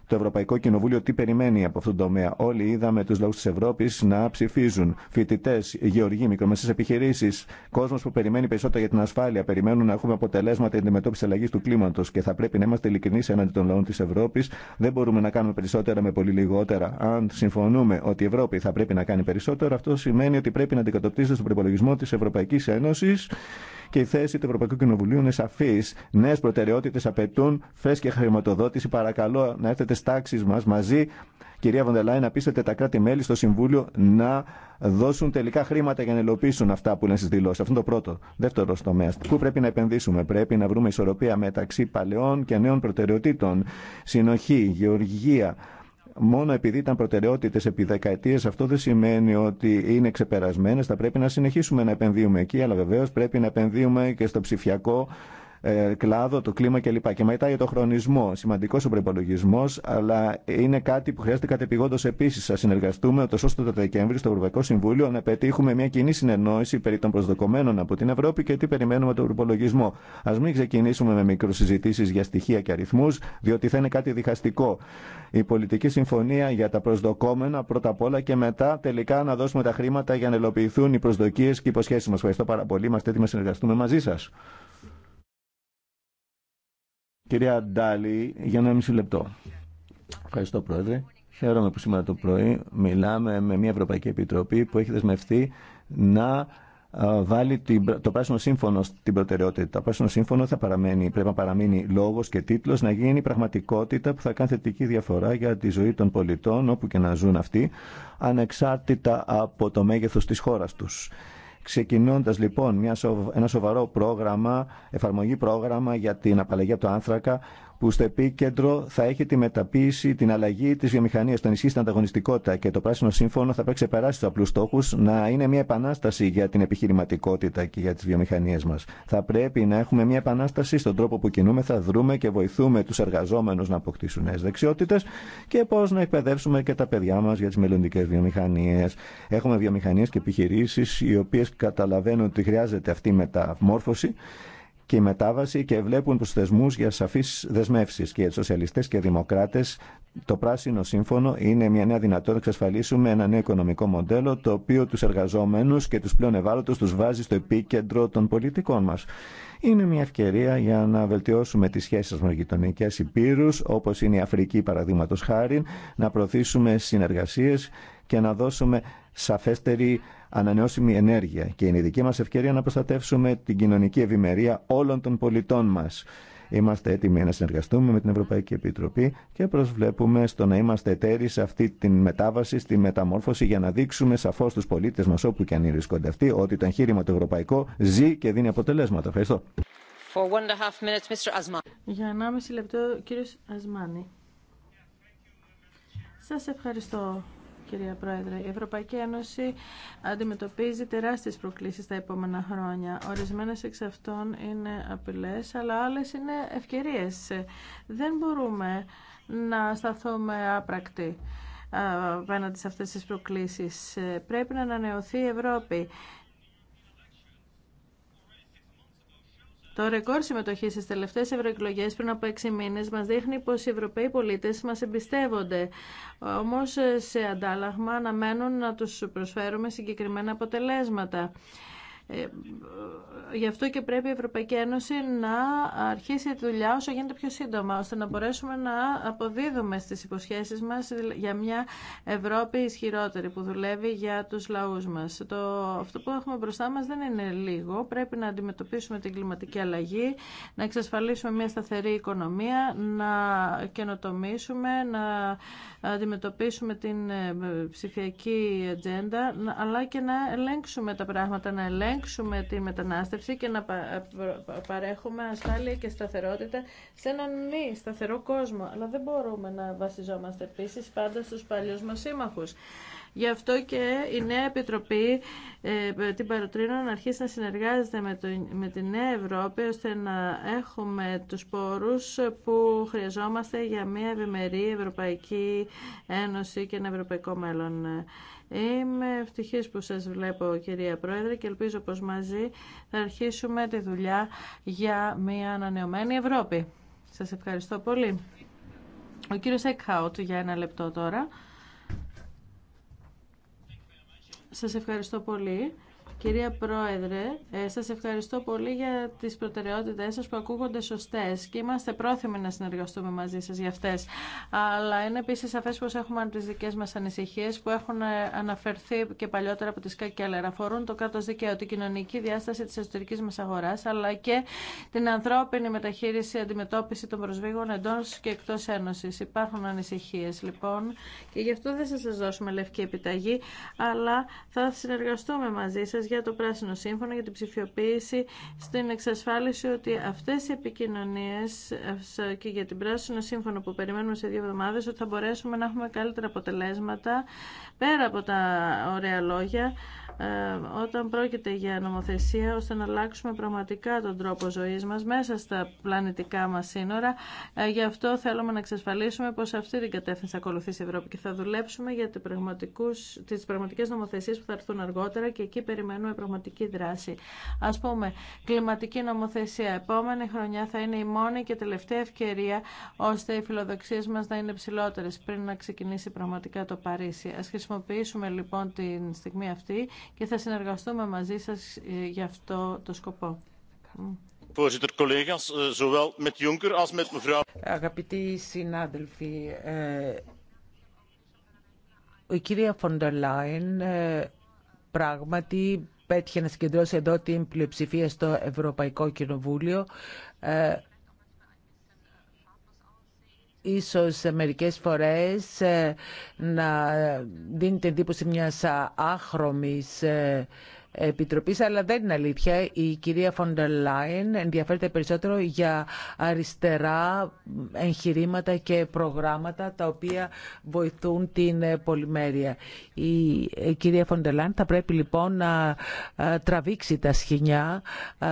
S1: το Ευρωπαϊκό Κοινοβούλιο τι περιμένει από αυτόν τον τομέα. Όλοι είδαμε του λαού τη Ευρώπη να ψηφίζουν. Φοιτητέ, γεωργοί, μικρομεσαίε επιχειρήσει, κόσμο που περιμένει περισσότερο για την ασφάλεια, περιμένουν να έχουμε αποτελέσματα για την αντιμετώπιση αλλαγή του κλίματο και θα πρέπει να είμαστε ειλικρινεί έναντι των λαών τη Ευρώπη. Δεν μπορούμε να κάνουμε περισσότερα με πολύ λιγότερα. Αν συμφωνούμε συμφωνούμε ότι η Ευρώπη θα πρέπει να κάνει περισσότερο, αυτό σημαίνει ότι πρέπει να αντικατοπτρίζεται στον προπολογισμό τη Ευρωπαϊκή Ένωση και η θέση του Ευρωπαϊκού Κοινοβουλίου είναι σαφή. Νέε προτεραιότητε απαιτούν και χρηματοδότηση. Παρακαλώ να έρθετε στάξει μα μαζί, κυρία Βοντελάη, να πείσετε τα κράτη-μέλη στο Συμβούλιο να δώσουν τελικά χρήματα για να ελοπίσουν αυτά που λένε στι δηλώσει. Αυτό είναι το πρώτο. Δεύτερο τομέα. Πού πρέπει να επενδύσουμε. Πρέπει να βρούμε ισορροπία μεταξύ παλαιών και νέων προτεραιοτήτων. Συνοχή, γεωργία, μόνο επειδή ήταν προτεραιότητες επί δεκαετίες, αυτό δεν σημαίνει ότι είναι ξεπερασμένε. Θα πρέπει να συνεχίσουμε να επενδύουμε εκεί, αλλά βεβαίω πρέπει να επενδύουμε και στο ψηφιακό ε, κλάδο, το κλίμα κλπ. Και μετά για το χρονισμό. Σημαντικό ο προπολογισμό, αλλά είναι κάτι που χρειάζεται κατεπηγόντω επίση να συνεργαστούμε, ώστε το Δεκέμβρη στο Ευρωπαϊκό Συμβούλιο να πετύχουμε μια κοινή συνεννόηση περί των προσδοκομένων από την Ευρώπη και τι περιμένουμε τον προπολογισμό. Α μην ξεκινήσουμε με μικροσυζητήσει για στοιχεία και αριθμού, διότι θα είναι κάτι διχαστικό. Η πολιτική συμφωνία για τα προσδοκόμενα πρώτα απ' όλα και μετά τελικά να δώσουμε τα χρήματα για να ελοποιηθούν οι προσδοκίε και οι υποσχέσει μα. Ευχαριστώ πάρα πολύ. Είμαστε έτοιμοι να συνεργαστούμε μαζί σα. Κυρία Ντάλη, για ένα μισή λεπτό. Ευχαριστώ, Πρόεδρε. Χαίρομαι που σήμερα το πρωί μιλάμε με μια Ευρωπαϊκή Επιτροπή που έχει δεσμευτεί να βάλει το πράσινο σύμφωνο στην προτεραιότητα. Το πράσινο σύμφωνο θα παραμένει, πρέπει να παραμείνει λόγος και τίτλος, να γίνει πραγματικότητα που θα κάνει θετική διαφορά για τη ζωή των πολιτών, όπου και να ζουν αυτοί, ανεξάρτητα από το μέγεθο τη χώρα του. Ξεκινώντας λοιπόν μια ένα σοβαρό πρόγραμμα, εφαρμογή πρόγραμμα για την απαλλαγή από το άνθρακα που στο επίκεντρο θα έχει τη μεταποίηση, την αλλαγή τη βιομηχανία, τον ισχύ στην ανταγωνιστικότητα και το πράσινο σύμφωνο θα πρέπει να ξεπεράσει του απλού στόχου, να είναι μια επανάσταση για την επιχειρηματικότητα και για τι βιομηχανίε μα. Θα πρέπει να έχουμε μια επανάσταση στον τρόπο που κινούμε, θα δρούμε και βοηθούμε του εργαζόμενου να αποκτήσουν νέε δεξιότητε και πώ να εκπαιδεύσουμε και τα παιδιά μα για τι μελλοντικέ βιομηχανίε. Έχουμε βιομηχανίε και επιχειρήσει οι οποίε καταλαβαίνουν ότι χρειάζεται αυτή η μεταμόρφωση και η μετάβαση και βλέπουν τους θεσμούς για σαφείς δεσμεύσεις. Και οι σοσιαλιστές και οι δημοκράτες το πράσινο σύμφωνο είναι μια νέα δυνατότητα να εξασφαλίσουμε ένα νέο οικονομικό μοντέλο το οποίο τους εργαζόμενους και τους πλέον ευάλωτους τους βάζει στο επίκεντρο των πολιτικών μας. Είναι μια ευκαιρία για να βελτιώσουμε τις σχέσεις μας με γειτονικές υπήρους όπως είναι η Αφρική παραδείγματο χάρη, να προωθήσουμε συνεργασίες και να δώσουμε σαφέστερη ανανεώσιμη ενέργεια και είναι η δική μας ευκαιρία να προστατεύσουμε την κοινωνική ευημερία όλων των πολιτών μας. Είμαστε έτοιμοι να συνεργαστούμε με την Ευρωπαϊκή Επιτροπή και προσβλέπουμε στο να είμαστε εταίροι σε αυτή τη μετάβαση, στη μεταμόρφωση για να δείξουμε σαφώ στου πολίτε μα, όπου και αν βρίσκονται αυτοί, ότι το εγχείρημα το ευρωπαϊκό ζει και δίνει αποτελέσματα. Ευχαριστώ.
S3: For and Για 1,5 λεπτό, κύριο Ασμάνη. ευχαριστώ, κυρία Πρόεδρε. Η Ευρωπαϊκή Ένωση αντιμετωπίζει τεράστιες προκλήσεις τα επόμενα χρόνια. Ορισμένες εξ αυτών είναι απειλές, αλλά άλλες είναι ευκαιρίες. Δεν μπορούμε να σταθούμε άπρακτοι ε, απέναντι σε αυτές τις προκλήσεις. Πρέπει να ανανεωθεί η Ευρώπη Το ρεκόρ συμμετοχή στι τελευταίε ευρωεκλογέ πριν από έξι μήνε μα δείχνει πω οι Ευρωπαίοι πολίτε μα εμπιστεύονται. Όμω σε αντάλλαγμα αναμένουν να του προσφέρουμε συγκεκριμένα αποτελέσματα. Ε, ε, γι' αυτό και πρέπει η Ευρωπαϊκή Ένωση να αρχίσει τη δουλειά όσο γίνεται πιο σύντομα, ώστε να μπορέσουμε να αποδίδουμε στις υποσχέσεις μας για μια Ευρώπη ισχυρότερη που δουλεύει για τους λαούς μας. Το, αυτό που έχουμε μπροστά μας δεν είναι λίγο. Πρέπει να αντιμετωπίσουμε την κλιματική αλλαγή, να εξασφαλίσουμε μια σταθερή οικονομία, να καινοτομήσουμε, να αντιμετωπίσουμε την ε, ψηφιακή ατζέντα, αλλά και να ελέγξουμε τα πράγματα, να ελέγξουμε ελέγξουμε τη μετανάστευση και να παρέχουμε ασφάλεια και σταθερότητα σε έναν μη σταθερό κόσμο. Αλλά δεν μπορούμε να βασιζόμαστε επίσης πάντα στους παλιούς μας σύμμαχους. Γι' αυτό και η νέα Επιτροπή ε, την παροτρύνω να αρχίσει να συνεργάζεται με, το, με τη νέα Ευρώπη ώστε να έχουμε τους πόρους που χρειαζόμαστε για μια ευημερή Ευρωπαϊκή Ένωση και ένα ευρωπαϊκό μέλλον. Είμαι ευτυχής που σας βλέπω κυρία Πρόεδρε και ελπίζω πως μαζί θα αρχίσουμε τη δουλειά για μια ανανεωμένη Ευρώπη. Σας ευχαριστώ πολύ. Ο κύριος Εκχάουτ για ένα λεπτό τώρα. Σας ευχαριστώ πολύ. Κυρία Πρόεδρε, ε, σας ευχαριστώ πολύ για τις προτεραιότητές σας που ακούγονται σωστές και είμαστε πρόθυμοι να συνεργαστούμε μαζί σας για αυτές. Αλλά είναι επίσης σαφές πως έχουμε τις δικές μας ανησυχίες που έχουν ε, αναφερθεί και παλιότερα από τη Αλέρα. Αφορούν το κράτος δικαίου, την κοινωνική διάσταση της εσωτερικής μας αγοράς, αλλά και την ανθρώπινη μεταχείριση, αντιμετώπιση των προσβήγων εντός και εκτός Ένωσης. Υπάρχουν ανησυχίες λοιπόν και γι' αυτό δεν θα σας δώσουμε λευκή επιταγή, αλλά θα συνεργαστούμε μαζί σας για το Πράσινο Σύμφωνο για την ψηφιοποίηση στην εξασφάλιση ότι αυτές οι επικοινωνίες και για την Πράσινο Σύμφωνο που περιμένουμε σε δύο εβδομάδες ότι θα μπορέσουμε να έχουμε καλύτερα αποτελέσματα πέρα από τα ωραία λόγια ε, όταν πρόκειται για νομοθεσία ώστε να αλλάξουμε πραγματικά τον τρόπο ζωής μας μέσα στα πλανητικά μας σύνορα. Ε, γι' αυτό θέλουμε να εξασφαλίσουμε πως αυτή την κατεύθυνση θα ακολουθήσει η Ευρώπη και θα δουλέψουμε για τις πραγματικές νομοθεσίες που θα έρθουν αργότερα και εκεί περιμένουμε πραγματική δράση. Ας πούμε, κλιματική νομοθεσία επόμενη χρονιά θα είναι η μόνη και τελευταία ευκαιρία ώστε οι φιλοδοξίες μας να είναι ψηλότερες πριν να ξεκινήσει πραγματικά το Παρίσι. Ας χρησιμοποιήσουμε λοιπόν την στιγμή αυτή και θα συνεργαστούμε μαζί σας ε, για αυτό το σκοπό.
S2: Ε, Αγαπητοί συνάδελφοι, ε, η κυρία Φοντερ Λάιν πράγματι πέτυχε να συγκεντρώσει εδώ την πλειοψηφία στο Ευρωπαϊκό Κοινοβούλιο ίσως μερικές φορές ε, να την εντύπωση μιας άχρωμης ε, Επιτροπή, αλλά δεν είναι αλήθεια. Η κυρία Φόντερ ενδιαφέρεται περισσότερο για αριστερά εγχειρήματα και προγράμματα τα οποία βοηθούν την πολυμέρεια. Η κυρία Φόντερ θα πρέπει λοιπόν να ε, τραβήξει τα σχοινιά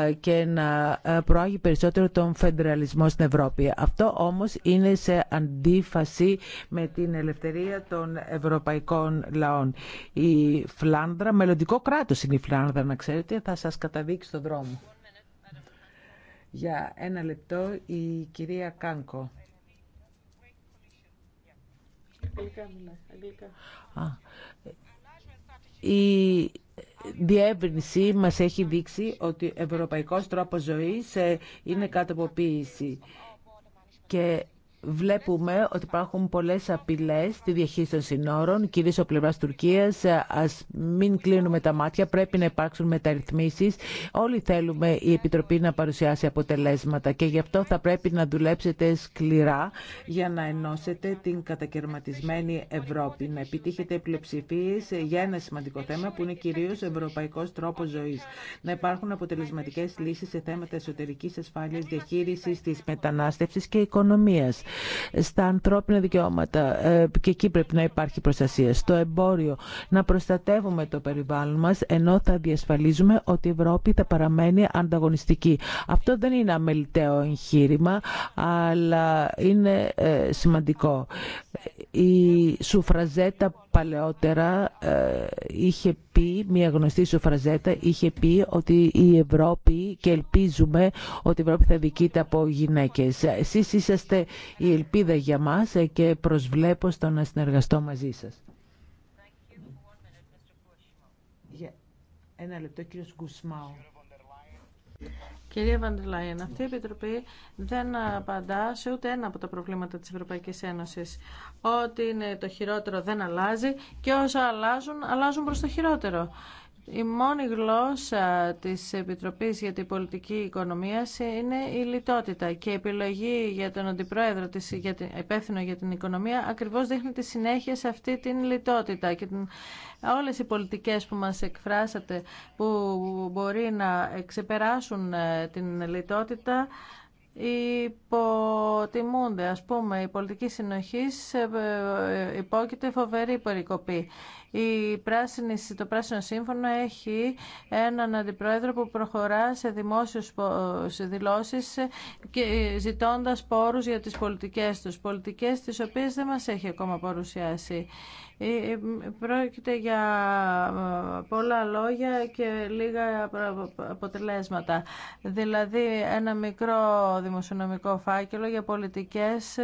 S2: ε, και να ε, προάγει περισσότερο τον φεντεραλισμό στην Ευρώπη. Αυτό όμως είναι σε αντίφαση με την ελευθερία των ευρωπαϊκών λαών. Η Φλάνδρα, μελλοντικό κράτος φλάνδρα, να ξέρετε, θα σας καταδείξει το δρόμο. Για ένα λεπτό η κυρία Κάνκο. Α, η διεύρυνση μας έχει δείξει ότι ο ευρωπαϊκός τρόπος ζωής ε, είναι κάτω Και Βλέπουμε ότι υπάρχουν πολλέ απειλέ στη διαχείριση των συνόρων, Κυρίω από πλευρά Τουρκία α μην κλείνουμε τα μάτια, πρέπει να υπάρξουν μεταρρυθμίσει. Όλοι θέλουμε η Επιτροπή να παρουσιάσει αποτελέσματα και γι' αυτό θα πρέπει να δουλέψετε σκληρά για να ενώσετε την κατακαιρματισμένη Ευρώπη, να επιτύχετε πλειοψηφίε για ένα σημαντικό θέμα που είναι κυρίω ο ευρωπαϊκός τρόπος ζωής. Να υπάρχουν αποτελεσματικέ λύσει σε θέματα εσωτερική ασφάλεια διαχείριση τη μετανάστευση και οικονομία στα ανθρώπινα δικαιώματα ε, και εκεί πρέπει να υπάρχει προστασία. Στο εμπόριο να προστατεύουμε το περιβάλλον μας ενώ θα διασφαλίζουμε ότι η Ευρώπη θα παραμένει ανταγωνιστική. Αυτό δεν είναι αμεληταίο εγχείρημα αλλά είναι ε, σημαντικό. Η Σουφραζέτα παλαιότερα ε, είχε πει, μια γνωστή Σουφραζέτα είχε πει ότι η Ευρώπη και ελπίζουμε ότι η Ευρώπη θα δικείται από γυναίκες. Εσείς είσαστε η ελπίδα για μας ε, και προσβλέπω στο να συνεργαστώ μαζί σας. ένα λεπτό,
S3: Κυρία Βαντελάιεν, αυτή η Επιτροπή δεν απαντά σε ούτε ένα από τα προβλήματα της Ευρωπαϊκής Ένωσης. Ό,τι είναι το χειρότερο δεν αλλάζει και όσα αλλάζουν, αλλάζουν προς το χειρότερο. Η μόνη γλώσσα της Επιτροπής για την Πολιτική Οικονομία είναι η λιτότητα και η επιλογή για τον Αντιπρόεδρο της, για την, υπεύθυνο για την οικονομία ακριβώς δείχνει τη συνέχεια σε αυτή την λιτότητα και την, όλες οι πολιτικές που μας εκφράσατε που μπορεί να ξεπεράσουν ε, την λιτότητα υποτιμούνται. Ας πούμε, η πολιτική συνοχή ε, ε, υπόκειται φοβερή περικοπή. Η πράσινη, το Πράσινο Σύμφωνο έχει έναν αντιπρόεδρο που προχωρά σε δημόσιους δηλώσεις και ζητώντας πόρους για τις πολιτικές τους. Πολιτικές τις οποίες δεν μας έχει ακόμα παρουσιάσει. Ε, ε, πρόκειται για ε, πολλά λόγια και λίγα αποτελέσματα. Δηλαδή ένα μικρό δημοσιονομικό φάκελο για πολιτικές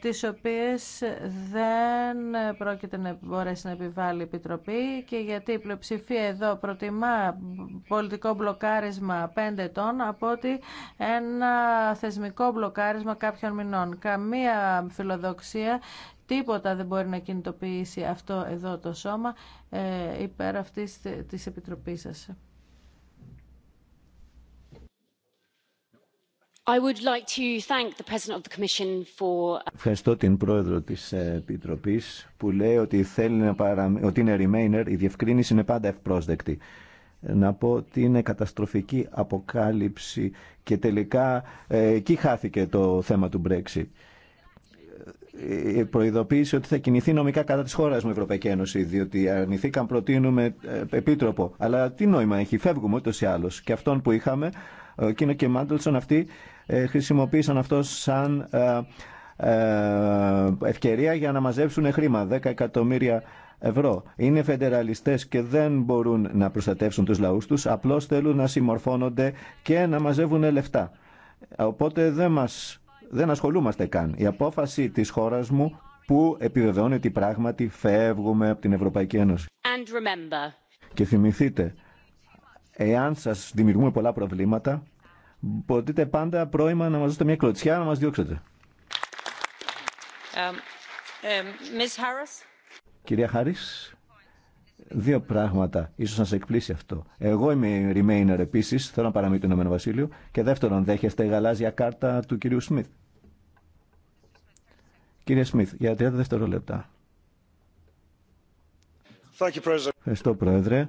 S3: τις οποίες δεν πρόκειται να μπορέσει να επιβάλλει η Επιτροπή και γιατί η πλειοψηφία εδώ προτιμά πολιτικό μπλοκάρισμα 5 ετών από ότι ένα θεσμικό μπλοκάρισμα κάποιων μηνών. Καμία φιλοδοξία Τίποτα δεν μπορεί να κινητοποιήσει αυτό εδώ το σώμα ε, υπέρ αυτής της Επιτροπής σας.
S1: Ευχαριστώ την πρόεδρο της Επιτροπής που λέει ότι, θέλει να ότι είναι Remainer, η διευκρίνηση είναι πάντα ευπρόσδεκτη. Να πω ότι είναι καταστροφική αποκάλυψη και τελικά ε, εκεί χάθηκε το θέμα του Brexit προειδοποίηση ότι θα κινηθεί νομικά κατά τη χώρα μου η Ευρωπαϊκή Ένωση, διότι αρνηθήκαν προτείνουμε ε, επίτροπο. Αλλά τι νόημα έχει, φεύγουμε ούτω ή άλλω. Και αυτόν που είχαμε, ο Κίνο και Μάντελσον, αυτοί ε, χρησιμοποίησαν αυτό σαν ε, ευκαιρία για να μαζέψουν χρήμα, 10 εκατομμύρια ευρώ. Είναι φεντεραλιστές και δεν μπορούν να προστατεύσουν τους λαούς τους, απλώς θέλουν να συμμορφώνονται και να μαζεύουν λεφτά. Οπότε δεν μας δεν ασχολούμαστε καν. Η απόφαση της χώρας μου που επιβεβαιώνει ότι πράγματι φεύγουμε από την Ευρωπαϊκή Ένωση.
S2: And remember.
S1: Και θυμηθείτε, εάν σας δημιουργούμε πολλά προβλήματα, μπορείτε πάντα πρώιμα να μας δώσετε μια κλωτσιά να μας διώξετε.
S3: Um, um Harris.
S1: Κυρία Χάρη, δύο πράγματα. Ίσως να σε εκπλήσει αυτό. Εγώ είμαι Remainer επίσης, θέλω να παραμείνω το Ηνωμένο Βασίλειο. Και δεύτερον, δέχεστε γαλάζια κάρτα του κυρίου Σμιθ. Κύριε Σμιθ, για 30 δευτερόλεπτα. Ευχαριστώ, Πρόεδρε.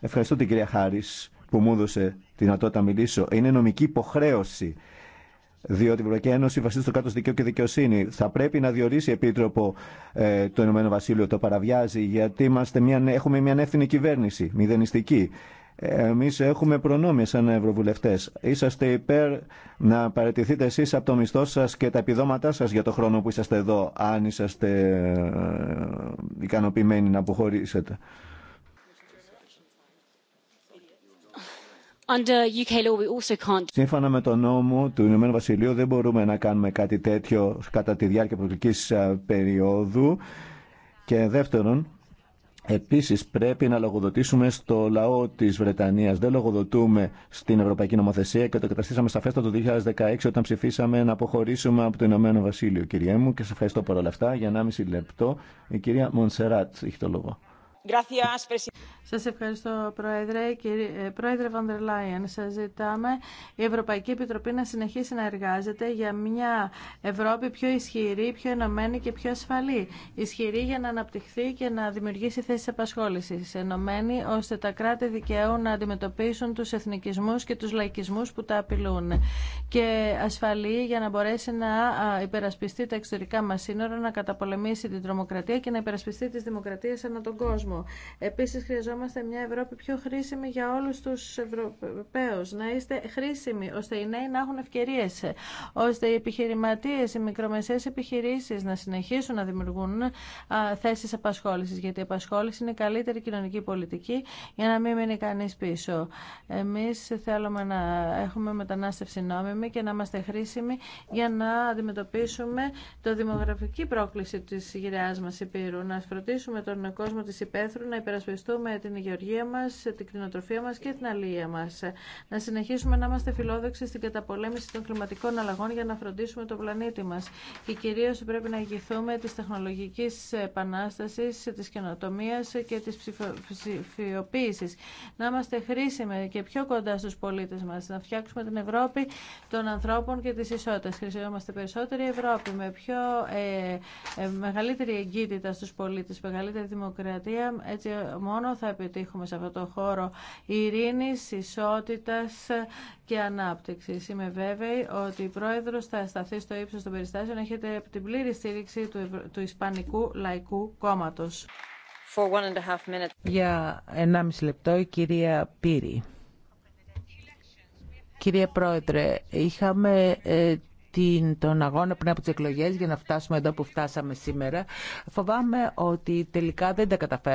S1: Ευχαριστώ την κυρία Χάρης που μου έδωσε τη δυνατότητα να μιλήσω. Είναι νομική υποχρέωση διότι η Ευρωπαϊκή Ένωση βασίζεται στο κράτο δικαίου και δικαιοσύνη. Θα πρέπει να διορίσει επίτροπο ε, το Ηνωμένο Βασίλειο, το παραβιάζει, γιατί έχουμε μια ανεύθυνη κυβέρνηση, μηδενιστική εμείς έχουμε προνόμια σαν ευρωβουλευτές. Είσαστε υπέρ να παραιτηθείτε εσείς από το μισθό σας και τα επιδόματά σας για το χρόνο που είσαστε εδώ, αν είσαστε ε, ικανοποιημένοι να αποχωρήσετε.
S3: Under UK law we also can't...
S1: Σύμφωνα με τον νόμο του Ηνωμένου Βασιλείου δεν μπορούμε να κάνουμε κάτι τέτοιο κατά τη διάρκεια προκλητικής ε, περίοδου. Και δεύτερον, Επίσης πρέπει να λογοδοτήσουμε στο λαό της Βρετανίας. Δεν λογοδοτούμε στην Ευρωπαϊκή Νομοθεσία και το καταστήσαμε σαφέστα το 2016 όταν ψηφίσαμε να αποχωρήσουμε από το Ηνωμένο Βασίλειο, Κυρία μου. Και σε ευχαριστώ παρόλα αυτά για 1,5 λεπτό. Η κυρία Μονσεράτ έχει το λόγο.
S3: Σα ευχαριστώ, Πρόεδρε. Κύριε, ε, Πρόεδρε Βαντερ Λάιεν, σα ζητάμε η Ευρωπαϊκή Επιτροπή να συνεχίσει να εργάζεται για μια Ευρώπη πιο ισχυρή, πιο ενωμένη και πιο ασφαλή. Ισχυρή για να αναπτυχθεί και να δημιουργήσει θέσεις απασχόληση. Ενωμένη ώστε τα κράτη δικαίου να αντιμετωπίσουν του Εθνικισμού και του λαϊκισμούς που τα απειλούν. Και ασφαλή για να μπορέσει να υπερασπιστεί τα εξωτερικά μα σύνορα, να καταπολεμήσει την τρομοκρατία και να υπερασπιστεί τι δημοκρατίες ανά τον κόσμο. Επίση Επίσης χρειαζόμαστε μια Ευρώπη πιο χρήσιμη για όλους τους Ευρωπαίους. Να είστε χρήσιμοι ώστε οι νέοι να έχουν ευκαιρίες, ώστε οι επιχειρηματίες, οι μικρομεσαίες επιχειρήσεις να συνεχίσουν να δημιουργούν θέσεις απασχόλησης, γιατί η απασχόληση είναι η καλύτερη κοινωνική πολιτική για να μην μείνει κανείς πίσω. Εμείς θέλουμε να έχουμε μετανάστευση νόμιμη και να είμαστε χρήσιμοι για να αντιμετωπίσουμε το δημογραφική πρόκληση της γυραιάς μα Υπήρου, να φροντίσουμε τον κόσμο της να υπερασπιστούμε την υγειοργία μα, την κτηνοτροφία μα και την αλληλεία μα. Να συνεχίσουμε να είμαστε φιλόδοξοι στην καταπολέμηση των κλιματικών αλλαγών για να φροντίσουμε τον πλανήτη μα. Και κυρίω πρέπει να ηγηθούμε τη τεχνολογική επανάσταση, τη καινοτομία και τη ψηφιοποίηση. Να είμαστε χρήσιμοι και πιο κοντά στου πολίτε μα, να φτιάξουμε την Ευρώπη των ανθρώπων και τη ισότητα. Χρειαζόμαστε περισσότερη Ευρώπη με πιο ε, ε μεγαλύτερη εγκύτητα στου πολίτε, μεγαλύτερη δημοκρατία, έτσι μόνο θα επιτύχουμε σε αυτό το χώρο ειρήνης, ισότητας και ανάπτυξης. Είμαι βέβαιη ότι η Πρόεδρος θα σταθεί στο ύψος των περιστάσεων. Έχετε την πλήρη στήριξη του, του Ισπανικού Λαϊκού Κόμματος.
S2: Για 1,5 λεπτό η κυρία Πύρη. Κυρία Πρόεδρε, είχαμε ε, την, τον αγώνα πριν από τις εκλογές για να φτάσουμε εδώ που φτάσαμε σήμερα. Φοβάμαι ότι τελικά δεν τα καταφέραμε.